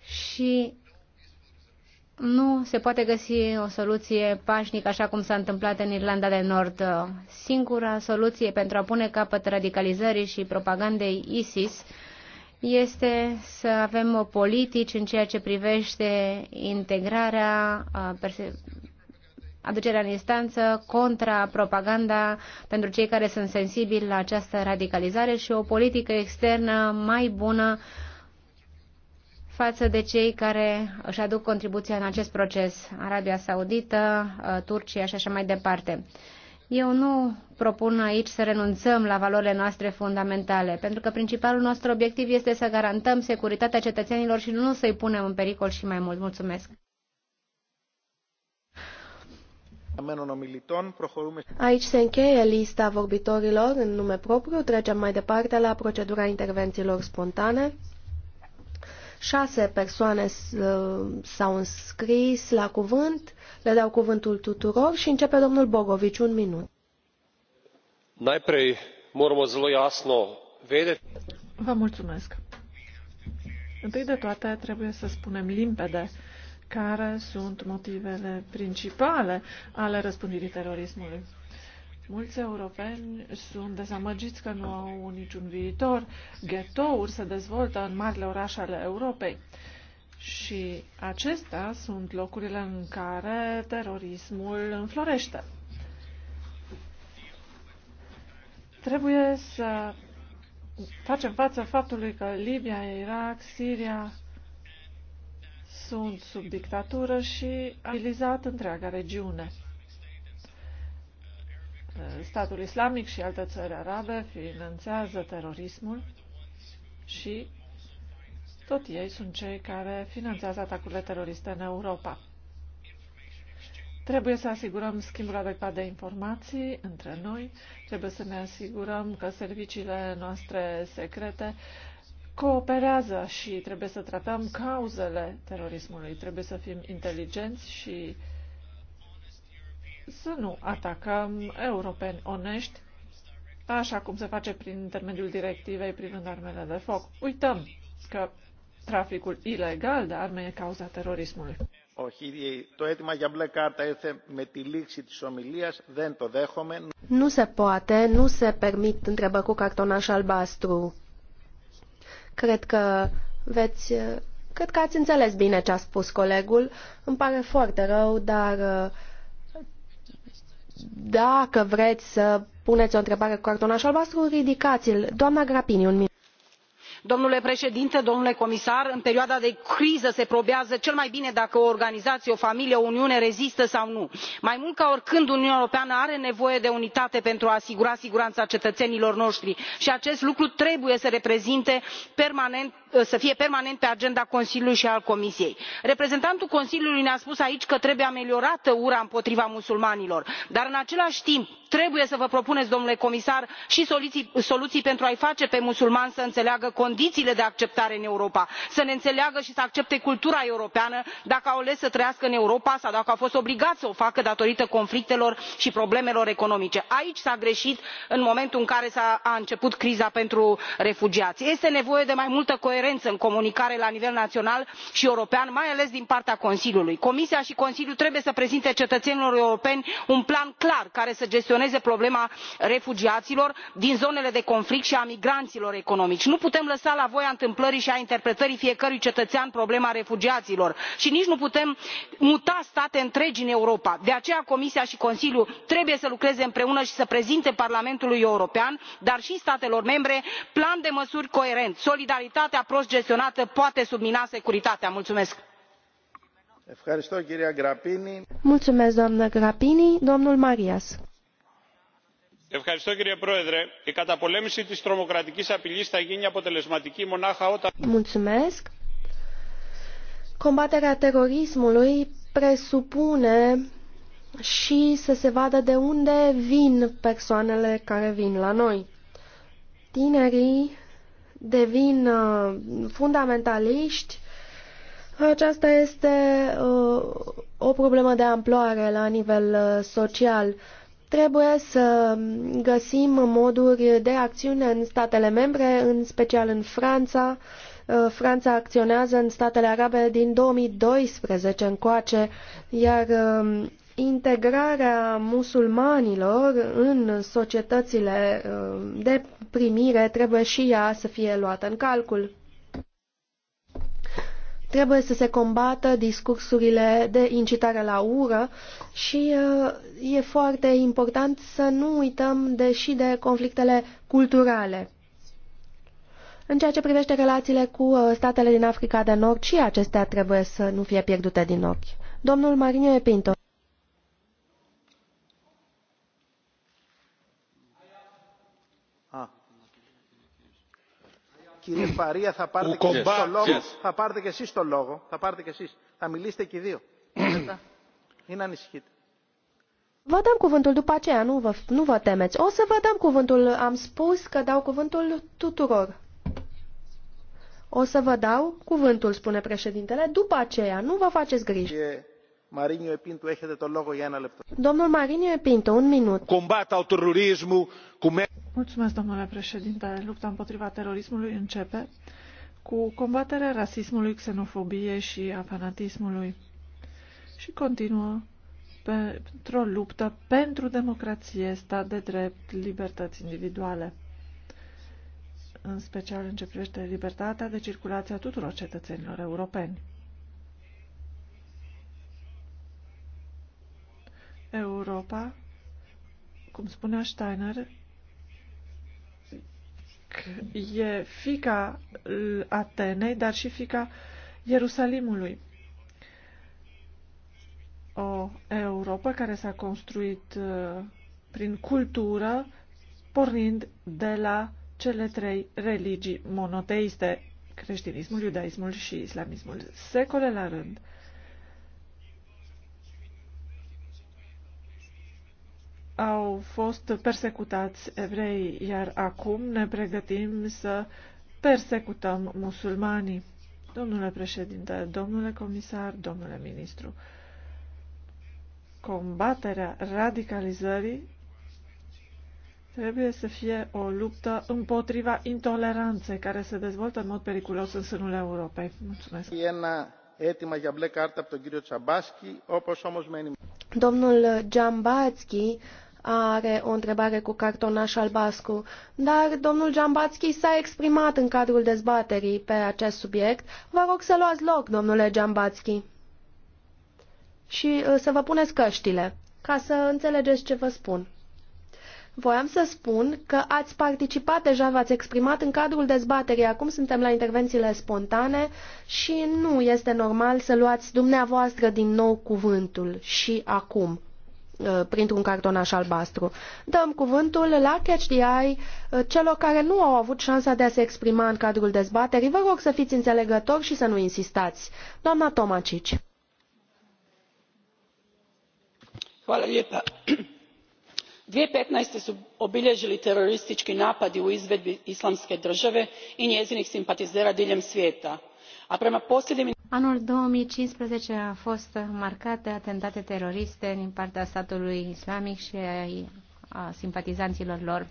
Și nu se poate găsi o soluție pașnică, așa cum s-a întâmplat în Irlanda de Nord. Singura soluție pentru a pune capăt radicalizării și propagandei ISIS este să avem o politici în ceea ce privește integrarea, aducerea în instanță contra propaganda pentru cei care sunt sensibili la această radicalizare și o politică externă mai bună față de cei care își aduc contribuția în acest proces, Arabia Saudită, uh, Turcia și așa mai departe. Eu nu propun aici să renunțăm la valorile noastre fundamentale, pentru că principalul nostru obiectiv este să garantăm securitatea cetățenilor și nu să-i punem în pericol și mai mult. Mulțumesc! Aici se încheie lista vorbitorilor în nume propriu. Trecem mai departe la procedura intervențiilor spontane. Șase persoane uh, s-au înscris la cuvânt, le dau cuvântul tuturor și începe domnul Bogovici, un minut. zelo Vă mulțumesc. Întâi de toate trebuie să spunem limpede care sunt motivele principale ale răspândirii terorismului. Mulți europeni sunt dezamăgiți că nu au niciun viitor. Ghetouri se dezvoltă în marile orașe ale Europei. Și acestea sunt locurile în care terorismul înflorește. Trebuie să facem față faptului că Libia, Irak, Siria sunt sub dictatură și a întreaga regiune statul islamic și alte țări arabe finanțează terorismul și tot ei sunt cei care finanțează atacurile teroriste în Europa. Trebuie să asigurăm schimbul adecvat de informații între noi, trebuie să ne asigurăm că serviciile noastre secrete cooperează și trebuie să tratăm cauzele terorismului, trebuie să fim inteligenți și uh, să nu atacăm europeni onești, așa cum se face prin intermediul directivei privind armele de foc. Uităm că traficul ilegal de arme e cauza terorismului. Nu se poate, nu se permit întrebă cu cartonaș albastru. Cred că veți Cred că ați înțeles bine ce a spus colegul. Îmi pare foarte rău, dar dacă vreți să puneți o întrebare cu cartonaș albastru, ridicați-l. Doamna Grapini, un minut domnule președinte domnule comisar în perioada de criză se probează cel mai bine dacă o organizație o familie o uniune rezistă sau nu. mai mult ca oricând uniunea europeană are nevoie de unitate pentru a asigura siguranța cetățenilor noștri și acest lucru trebuie să reprezinte permanent Uh, să fie permanent pe agenda consiliului și a comisiei. reprezentantul consiliului ne a spus aici că trebuie ameliorată ura împotriva musulmanilor dar în același timp trebuie să vă propuneți domnule comisar și soluții pentru a i face pe musulmani să înțeleagă condițiile de acceptare în europa să ne înțeleagă și să accepte cultura europeană dacă au ales să trăiască în europa sau dacă au fost obligați să o facă datorită conflictelor și problemelor economice. aici s a greșit în momentul în care a început criza pentru refugiați. este nevoie de mai multă coerență în comunicare la nivel național și european mai ales din partea consiliului. comisia și consiliul trebuie să prezinte cetățenilor europeni un plan clar care să gestioneze problema refugiaților din zonele de conflict și a migranților economici. nu putem lăsa la voia întâmplării și a interpretării fiecărui cetățean problema refugiaților și nici nu putem muta state întregi în europa. de aceea comisia și consiliul trebuie să lucreze împreună și să prezinte parlamentului european dar și statelor membre un plan de măsuri coerent solidaritatea prost gestionată poate submina securitatea. mulțumesc. mulțumesc doamnă grapini. domnul marias κύριε πρόεδρε η καταπολέμηση της τρομοκρατικής απειλής θα γίνει αποτελεσματική μονάχα όταν. Mulțumesc. Combaterea terorismului presupune și să se vadă de unde vin persoanele care vin la noi. Tinerii devin uh, fundamentaliști, aceasta este uh, o problemă de amploare la nivel uh, social. Trebuie să găsim moduri de acțiune în statele membre, în special în Franța. Franța acționează în statele arabe din 2012 încoace, iar um, integrarea musulmanilor în societățile uh, de primire trebuie și ea să fie luată în calcul. Trebuie să se combată discursurile de incitare la ură și uh, e foarte important să nu uităm de și de conflictele culturale. În ceea ce privește relațiile cu uh, statele din Africa de Nord, și acestea trebuie să nu fie pierdute din ochi. Domnul Marinio Pinto. Κύριε Φαρία, θα πάρετε και εσείς τον λόγο. Θα πάρετε και εσείς τον λόγο. Θα πάρετε και εσείς. Θα μιλήσετε και δύο. Μην ανησυχείτε. Vă dăm cuvântul după aceea, nu vă, nu vă temeți. O să vă dăm cuvântul. Am spus că dau cuvântul tuturor. O să vă dau cuvântul, spune președintele, după aceea. Nu vă faceți griji. Marinho Pinto, έχετε το λόγο για ένα Domnul Marinho Pinto, un minut. Combat ao terorismo, cum Mulțumesc, domnule președinte. Lupta împotriva terorismului începe cu combaterea rasismului, xenofobiei și a fanatismului și continuă pentru o luptă pentru democrație, stat de drept, libertăți individuale, în special în ce privește libertatea de circulație a tuturor cetățenilor europeni. Europa, cum spunea Steiner, e fica Atenei, dar și fica Ierusalimului. O Europa care s-a construit uh, prin cultură, pornind de la cele trei religii monoteiste, creștinismul, iudaismul și islamismul. Secole la rând, au fost persecutați evrei, iar acum ne pregătim să persecutăm musulmanii. Domnule președinte, domnule comisar, domnule ministru, combaterea radicalizării trebuie să fie o luptă împotriva intoleranței care se dezvoltă în mod periculos în sânul Europei. Mulțumesc. Domnul Giambatski are o întrebare cu cartonaș albastru, dar domnul Giambatski s-a exprimat în cadrul dezbaterii pe acest subiect. Vă rog să luați loc, domnule Giambatski, și uh, să vă puneți căștile, ca să înțelegeți ce vă spun. Voiam să spun că ați participat deja, v-ați exprimat în cadrul dezbaterii. Acum suntem la intervențiile spontane și nu este normal să luați dumneavoastră din nou cuvântul și acum. Uh, printr-un cartonaș albastru. Dăm cuvântul la CHDI uh, celor care nu au avut șansa de a se exprima în cadrul dezbaterii. Vă rog să fiți înțelegători și să nu insistați. Doamna Tomacici. Hvala lijepa. 2015. su obilježili teroristički napadi u izvedbi islamske države i njezinih simpatizera diljem svijeta, a prema posljednjim Anul 2015 a fost marcat de atentate teroriste din partea statului islamic și a simpatizanților lor.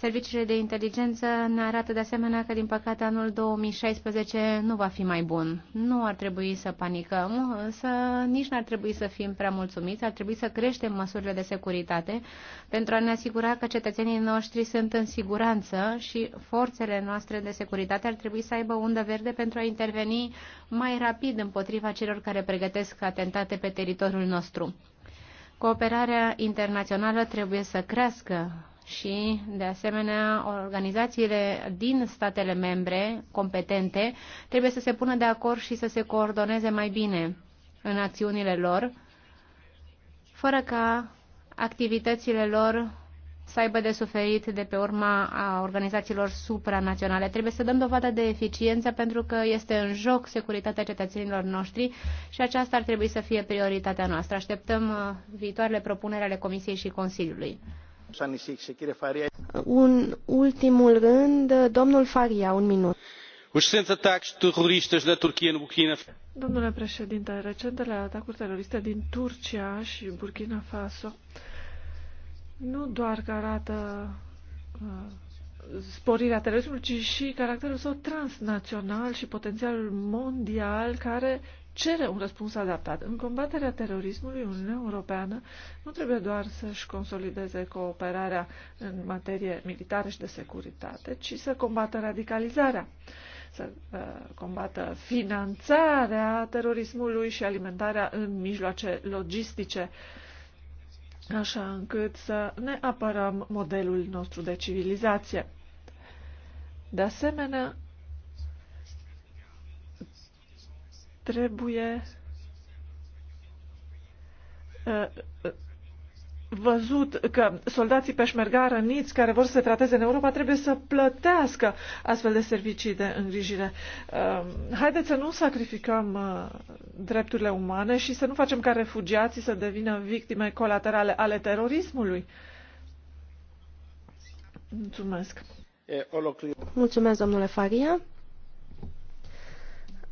Serviciile de inteligență ne arată de asemenea că, din păcate, anul 2016 nu va fi mai bun. Nu ar trebui să panicăm, să nici n-ar trebui să fim prea mulțumiți. Ar trebui să creștem măsurile de securitate pentru a ne asigura că cetățenii noștri sunt în siguranță și forțele noastre de securitate ar trebui să aibă undă verde pentru a interveni mai rapid împotriva celor care pregătesc atentate pe teritoriul nostru. Cooperarea internațională trebuie să crească și, de asemenea, organizațiile din statele membre competente trebuie să se pună de acord și să se coordoneze mai bine în acțiunile lor, fără ca activitățile lor să aibă de suferit de pe urma a organizațiilor supranaționale. Trebuie să dăm dovadă de eficiență pentru că este în joc securitatea cetățenilor noștri și aceasta ar trebui să fie prioritatea noastră. Așteptăm uh, viitoarele propuneri ale Comisiei și Consiliului. Un ultimul rând, domnul Faria, un minut. Da Domnule președinte, recentele atacuri teroriste din Turcia și Burkina Faso nu doar că arată uh, sporirea terorismului, ci și caracterul său transnațional și potențialul mondial care cere un răspuns adaptat. În combaterea terorismului, Uniunea Europeană nu trebuie doar să-și consolideze cooperarea în materie militară și de securitate, ci să combată radicalizarea, să uh, combată finanțarea terorismului și alimentarea în mijloace logistice, așa încât să ne apărăm modelul nostru de civilizație. De asemenea, trebuie uh, uh, văzut că soldații peșmerga răniți care vor să se trateze în Europa trebuie să plătească astfel de servicii de îngrijire. Uh, haideți să nu sacrificăm drepturile umane și să nu facem ca refugiații să devină victime colaterale ale terorismului. Mulțumesc. Mulțumesc, domnule Faria.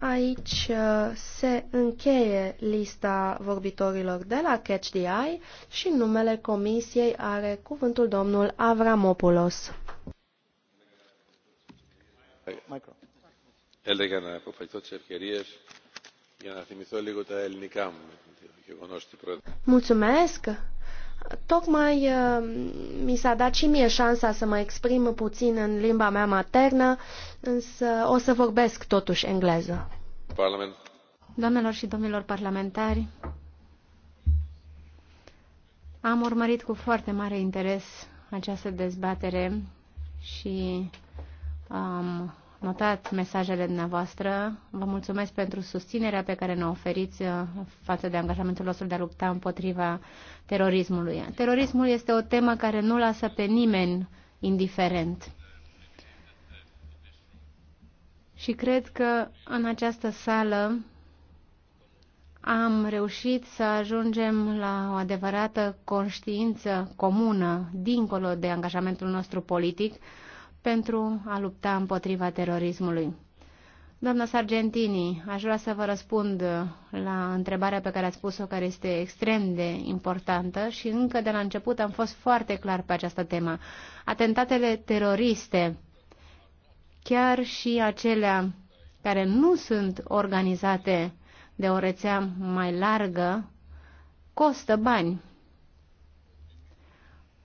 Aici uh, se încheie lista vorbitorilor de la Catch the Eye și numele comisiei are cuvântul domnul Avramopoulos. Micro. Έλεγα να αποφασιστώ τις ευκαιρίες για να θυμηθώ λίγο τα ελληνικά μου. Mulțumesc! Tocmai uh, mi s-a dat și mie șansa să mă exprim puțin în limba mea maternă, însă o să vorbesc totuși engleză. Parlament. Doamnelor și domnilor parlamentari, am urmărit cu foarte mare interes această dezbatere și um, notat mesajele dumneavoastră. Vă mulțumesc pentru susținerea pe care ne oferiți uh, față de angajamentul nostru de a lupta împotriva terorismului. Terorismul este o temă care nu lasă pe nimeni indiferent. Și cred că în această sală am reușit să ajungem la o adevărată conștiință comună, dincolo de angajamentul nostru politic, pentru a lupta împotriva terorismului. Doamna Sargentini, aș vrea să vă răspund la întrebarea pe care ați pus-o, care este extrem de importantă și încă de la început am fost foarte clar pe această temă. Atentatele teroriste, chiar și acelea care nu sunt organizate de o rețea mai largă, costă bani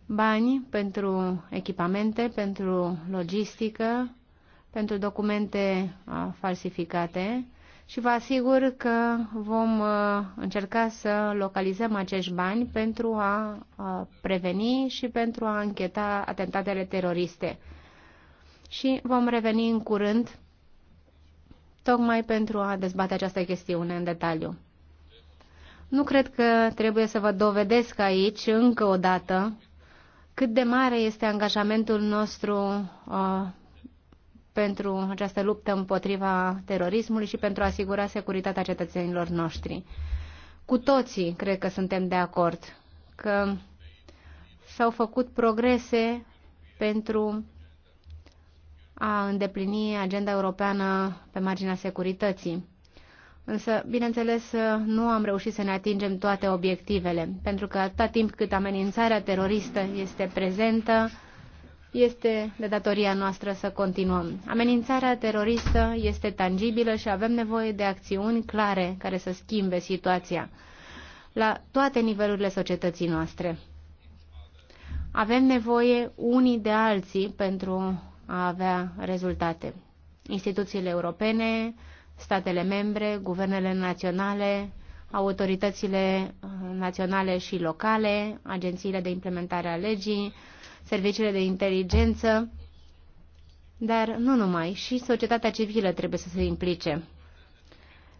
bani pentru echipamente, pentru logistică, pentru documente falsificate și vă asigur că vom încerca să localizăm acești bani pentru a preveni și pentru a încheta atentatele teroriste. Și vom reveni în curând tocmai pentru a dezbate această chestiune în detaliu. Nu cred că trebuie să vă dovedesc aici încă o dată cât de mare este angajamentul nostru uh, pentru această luptă împotriva terorismului și pentru a asigura securitatea cetățenilor noștri. Cu toții cred că suntem de acord că s-au făcut progrese pentru a îndeplini agenda europeană pe marginea securității. Însă, bineînțeles, nu am reușit să ne atingem toate obiectivele, pentru că atâta timp cât amenințarea teroristă este prezentă, este de datoria noastră să continuăm. Amenințarea teroristă este tangibilă și avem nevoie de acțiuni clare care să schimbe situația la toate nivelurile societății noastre. Avem nevoie unii de alții pentru a avea rezultate. Instituțiile europene, statele membre, guvernele naționale, autoritățile uh, naționale și locale, agențiile de implementare a legii, serviciile de inteligență, dar nu numai, și societatea civilă trebuie să se implice.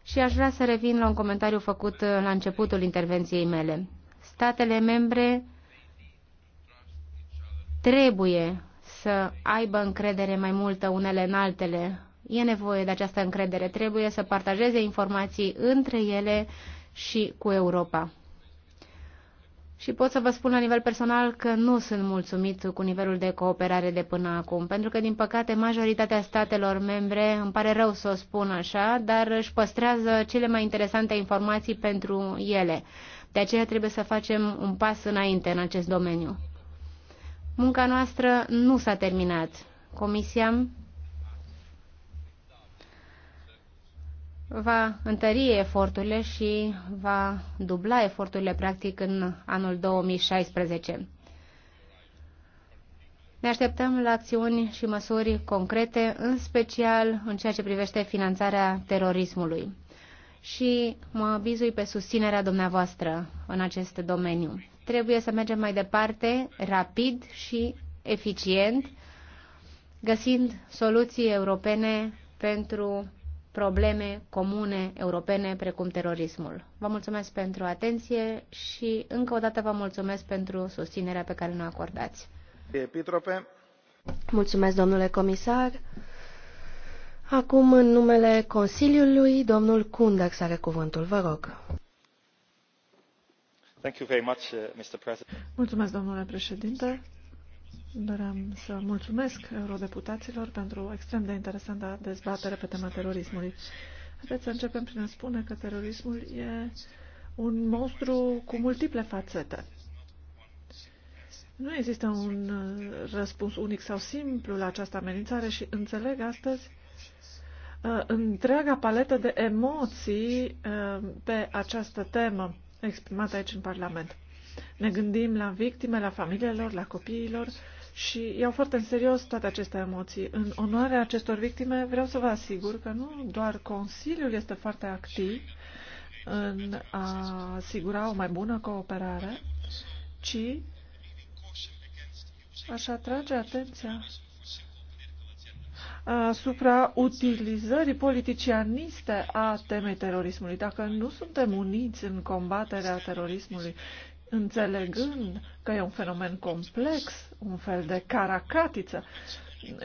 Și aș vrea să revin la un comentariu făcut uh, la începutul intervenției mele. Statele membre trebuie să aibă încredere mai multă unele în altele E nevoie de această încredere. Trebuie să partajeze informații între ele și cu Europa. Și pot să vă spun la nivel personal că nu sunt mulțumit cu nivelul de cooperare de până acum, pentru că, din păcate, majoritatea statelor membre, îmi pare rău să o spun așa, dar își păstrează cele mai interesante informații pentru ele. De aceea trebuie să facem un pas înainte în acest domeniu. Munca noastră nu s-a terminat. Comisia va întări eforturile și va dubla eforturile practic în anul 2016. Ne așteptăm la acțiuni și măsuri concrete, în special în ceea ce privește finanțarea terorismului. Și mă bizui pe susținerea dumneavoastră în acest domeniu. Trebuie să mergem mai departe, rapid și eficient, găsind soluții europene pentru probleme comune europene precum terorismul. Vă mulțumesc pentru atenție și încă o dată vă mulțumesc pentru susținerea pe care ne acordați. Epitrope. Mulțumesc, domnule comisar. Acum, în numele Consiliului, domnul Kundax are cuvântul. Vă rog. Uh, mulțumesc, domnule președinte Doream să mulțumesc eurodeputaților pentru o extrem de interesantă dezbatere pe tema terorismului. Haideți să începem prin a spune că terorismul e un monstru cu multiple fațete. Nu există un uh, răspuns unic sau simplu la această amenințare și înțeleg astăzi uh, întreaga paletă de emoții uh, pe această temă exprimată aici în Parlament. Ne gândim la victime, la familiilor, la copiilor, și iau foarte în serios toate aceste emoții. În onoarea acestor victime vreau să vă asigur că nu doar Consiliul este foarte activ în a asigura o mai bună cooperare, ci aș atrage atenția asupra utilizării politicianiste a temei terorismului. Dacă nu suntem uniți în combaterea terorismului înțelegând că e un fenomen complex, un fel de caracatiță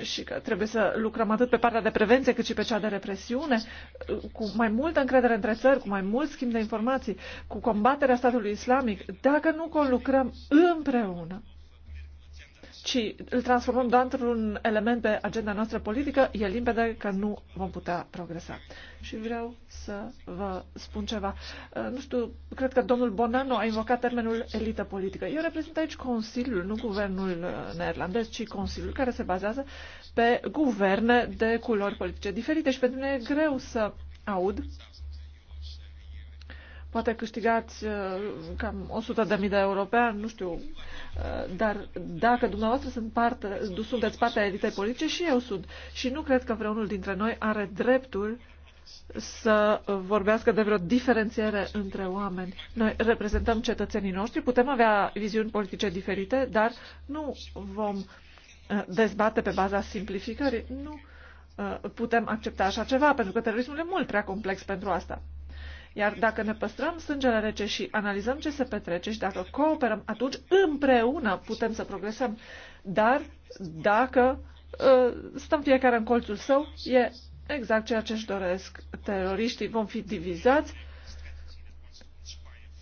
și că trebuie să lucrăm atât pe partea de prevenție cât și pe cea de represiune, cu mai multă încredere între țări, cu mai mult schimb de informații, cu combaterea statului islamic, dacă nu conlucrăm împreună ci îl transformăm doar într-un element pe agenda noastră politică, e limpede că nu vom putea progresa. Și vreau să vă spun ceva. Uh, nu știu, cred că domnul Bonanno a invocat termenul elită politică. Eu reprezint aici Consiliul, nu guvernul uh, neerlandez, ci Consiliul, care se bazează pe guverne de culori politice diferite și pentru mine e greu să aud Poate câștigați uh, cam 100.000 de euro pe an, nu știu, uh, dar dacă dumneavoastră sunt parte, sunteți partea elitei politice și eu sunt. Și nu cred că vreunul dintre noi are dreptul să vorbească de vreo diferențiere între oameni. Noi reprezentăm cetățenii noștri, putem avea viziuni politice diferite, dar nu vom uh, dezbate pe baza simplificării. Nu putem accepta așa ceva, pentru că terorismul e mult prea complex pentru asta. Iar dacă ne păstrăm sângele rece și analizăm ce se petrece și dacă cooperăm, atunci împreună putem să progresăm. Dar dacă uh, stăm fiecare în colțul său, e exact ceea ce își doresc teroriștii. Vom fi divizați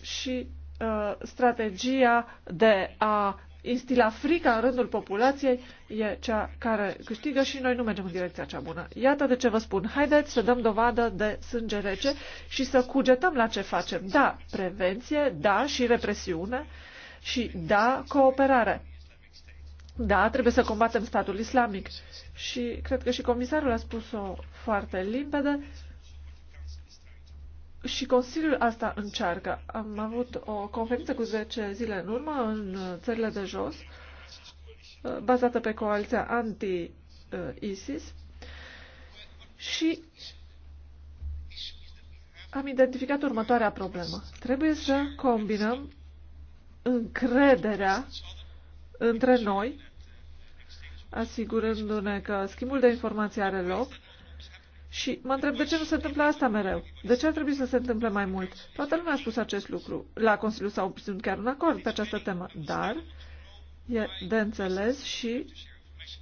și uh, strategia de a instila frica în rândul populației e cea care câștigă și noi nu mergem în direcția cea bună. Iată de ce vă spun. Haideți să dăm dovadă de sânge rece și să cugetăm la ce facem. Da, prevenție, da și represiune și da, cooperare. Da, trebuie să combatem statul islamic. Și cred că și comisarul a spus-o foarte limpede și Consiliul asta încearcă. Am avut o conferință cu 10 zile în urmă în uh, țările de jos, uh, bazată pe coalția anti-ISIS și am identificat următoarea problemă. Trebuie să combinăm încrederea între noi, asigurându-ne că schimbul de informații are loc și mă întreb de ce nu se întâmplă asta mereu? De ce ar trebui să se întâmple mai mult? Toată lumea a spus acest lucru. La Consiliu s au obținut chiar un acord pe această temă, dar e de înțeles și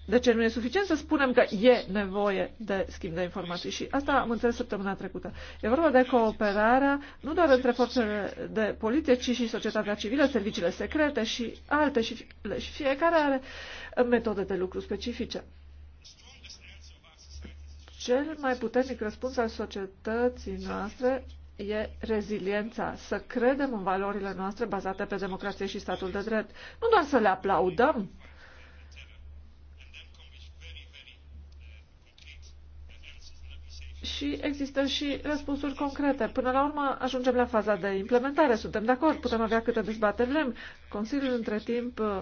de ce nu e suficient să spunem că e nevoie de schimb de informații. Și asta am înțeles săptămâna trecută. E vorba de cooperarea nu doar între forțele de poliție, ci și societatea civilă, serviciile secrete și alte și fiecare are metode de lucru specifice. Cel mai puternic răspuns al societății noastre e reziliența, să credem în valorile noastre bazate pe democrație și statul de drept. Nu doar să le aplaudăm, și există și răspunsuri concrete. Până la urmă ajungem la faza de implementare. Suntem de acord, putem avea câte dezbateri vrem. Consiliul între timp uh,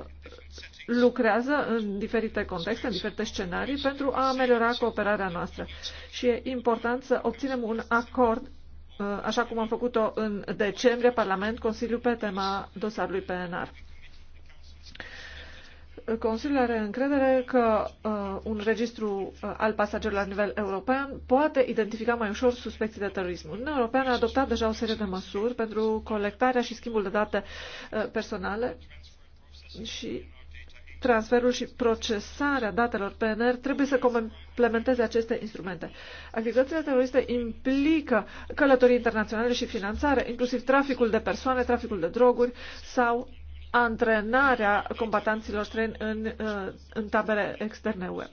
lucrează în diferite contexte, în diferite scenarii pentru a ameliora cooperarea noastră. Și e important să obținem un acord uh, așa cum am făcut-o în decembrie Parlament Consiliu pe tema dosarului PNR. Consiliul are încredere că uh, un registru uh, al pasagerilor la nivel european poate identifica mai ușor suspecții de terorism. Uniunea Europeană a adoptat deja o serie de măsuri pentru colectarea și schimbul de date uh, personale și transferul și procesarea datelor PNR trebuie să complementeze aceste instrumente. Activitățile teroriste implică călătorii internaționale și finanțare, inclusiv traficul de persoane, traficul de droguri sau antrenarea combatanților străini în, uh, în tabere externe UE.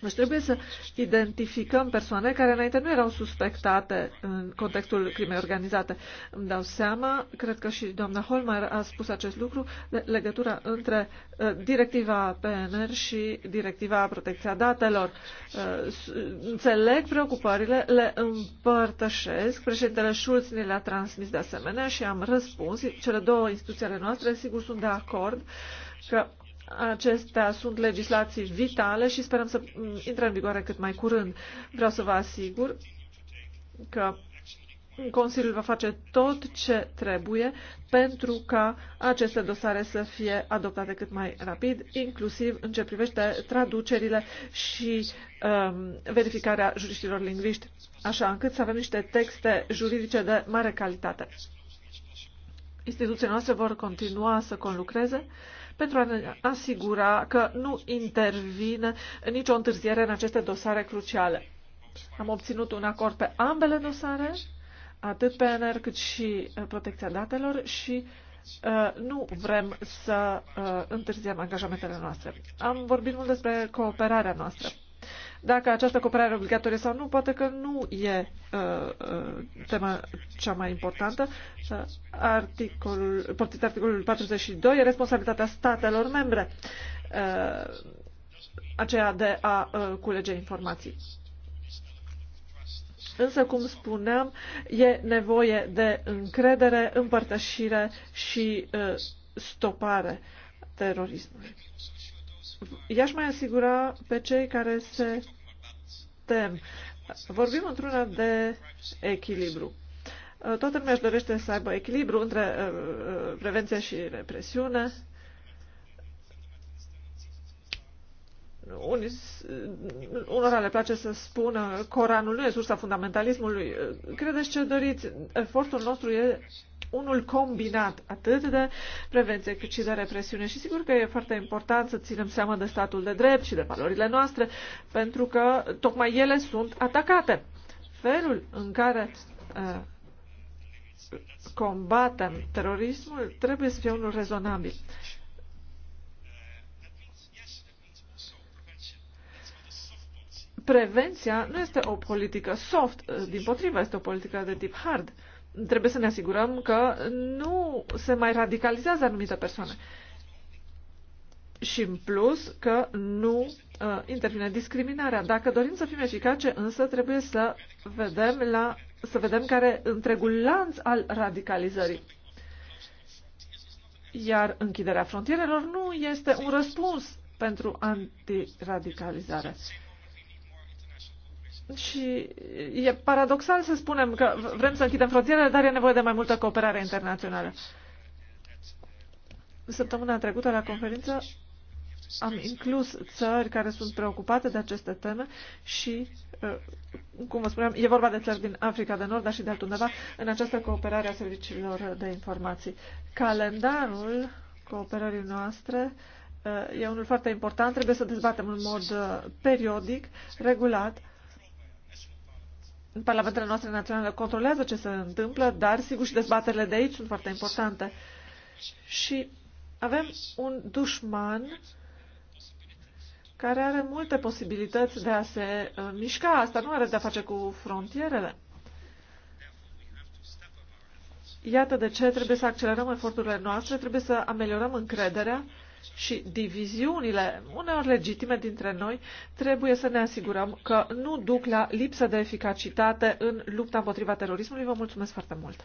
Deci trebuie să identificăm persoane care înainte nu erau suspectate în contextul crimei organizate. Îmi dau seama, cred că și doamna Holmer a spus acest lucru, legătura între uh, directiva PNR și directiva protecția datelor. Uh, înțeleg preocupările, le împărtășesc. Președintele Schulz ne le-a transmis de asemenea și am răspuns. Cele două instituții ale noastre, sigur, sunt de acord că Acestea sunt legislații vitale și sperăm să mm, intre în vigoare cât mai curând. Vreau să vă asigur că Consiliul va face tot ce trebuie pentru ca aceste dosare să fie adoptate cât mai rapid, inclusiv în ce privește traducerile și um, verificarea juriștilor lingviști, așa încât să avem niște texte juridice de mare calitate. Instituțiile noastre vor continua să conlucreze pentru a ne asigura că nu intervine nicio întârziere în aceste dosare cruciale. Am obținut un acord pe ambele dosare, atât PNR cât și uh, protecția datelor și uh, nu vrem să uh, întârziem angajamentele noastre. Am vorbit mult despre cooperarea noastră dacă această cooperare obligatorie sau nu, poate că nu e uh, uh, tema cea mai importantă. Uh, articolul, articolul 42 e responsabilitatea statelor membre uh, aceea de a uh, culege informații. Însă, cum spuneam, e nevoie de încredere, împărtășire și uh, stopare terorismului i-aș mai asigura pe cei care se tem. Vorbim într-una de echilibru. Toată lumea își dorește să aibă echilibru între uh, uh, prevenție și represiune, unii, unora le place să spună Coranul nu e sursa fundamentalismului. Credeți ce doriți? Efortul nostru e unul combinat atât de prevenție cât și de represiune și sigur că e foarte important să ținem seama de statul de drept și de valorile noastre pentru că tocmai ele sunt atacate. Felul în care uh, combatem terorismul trebuie să fie unul rezonabil prevenția nu este o politică soft, eh, din potriva este o politică de tip hard. Trebuie să ne asigurăm că nu se mai radicalizează anumite persoane. Și în plus că nu uh, intervine discriminarea. Dacă dorim să fim eficace, însă trebuie să vedem, la, să vedem care întregul lanț al radicalizării. Iar închiderea frontierelor nu este un răspuns pentru antiradicalizare. Și e paradoxal să spunem că vrem să închidem frontierele, dar e nevoie de mai multă cooperare internațională. Săptămâna trecută la conferință am inclus țări care sunt preocupate de aceste teme și, uh, cum vă spuneam, e vorba de țări din Africa de Nord, dar și de altundeva, în această cooperare a serviciilor de informații. Calendarul cooperării noastre uh, e unul foarte important. Trebuie să dezbatem în mod uh, periodic, regulat, Parlamentele noastre naționale controlează ce se întâmplă, dar sigur și dezbaterile de aici sunt foarte importante. Și avem un dușman care are multe posibilități de a se uh, mișca. Asta nu are de-a face cu frontierele. Iată de ce trebuie să accelerăm eforturile noastre, trebuie să ameliorăm încrederea și diviziunile, uneori legitime dintre noi, trebuie să ne asigurăm că nu duc la lipsă de eficacitate în lupta împotriva terorismului. Vă mulțumesc foarte mult!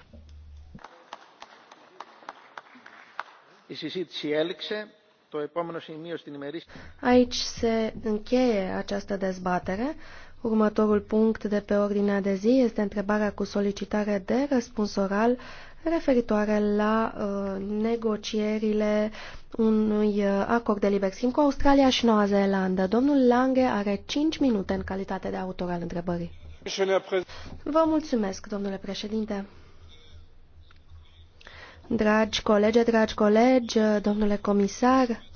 Aici se încheie această dezbatere. Următorul punct de pe ordinea de zi este întrebarea cu solicitare de răspuns oral referitoare la uh, negocierile unui uh, acord de liber schimb cu Australia și Noua Zeelandă. Domnul Lange are 5 minute în calitate de autor al întrebării. Vă mulțumesc, domnule președinte. Dragi colegi, dragi colegi, domnule comisar,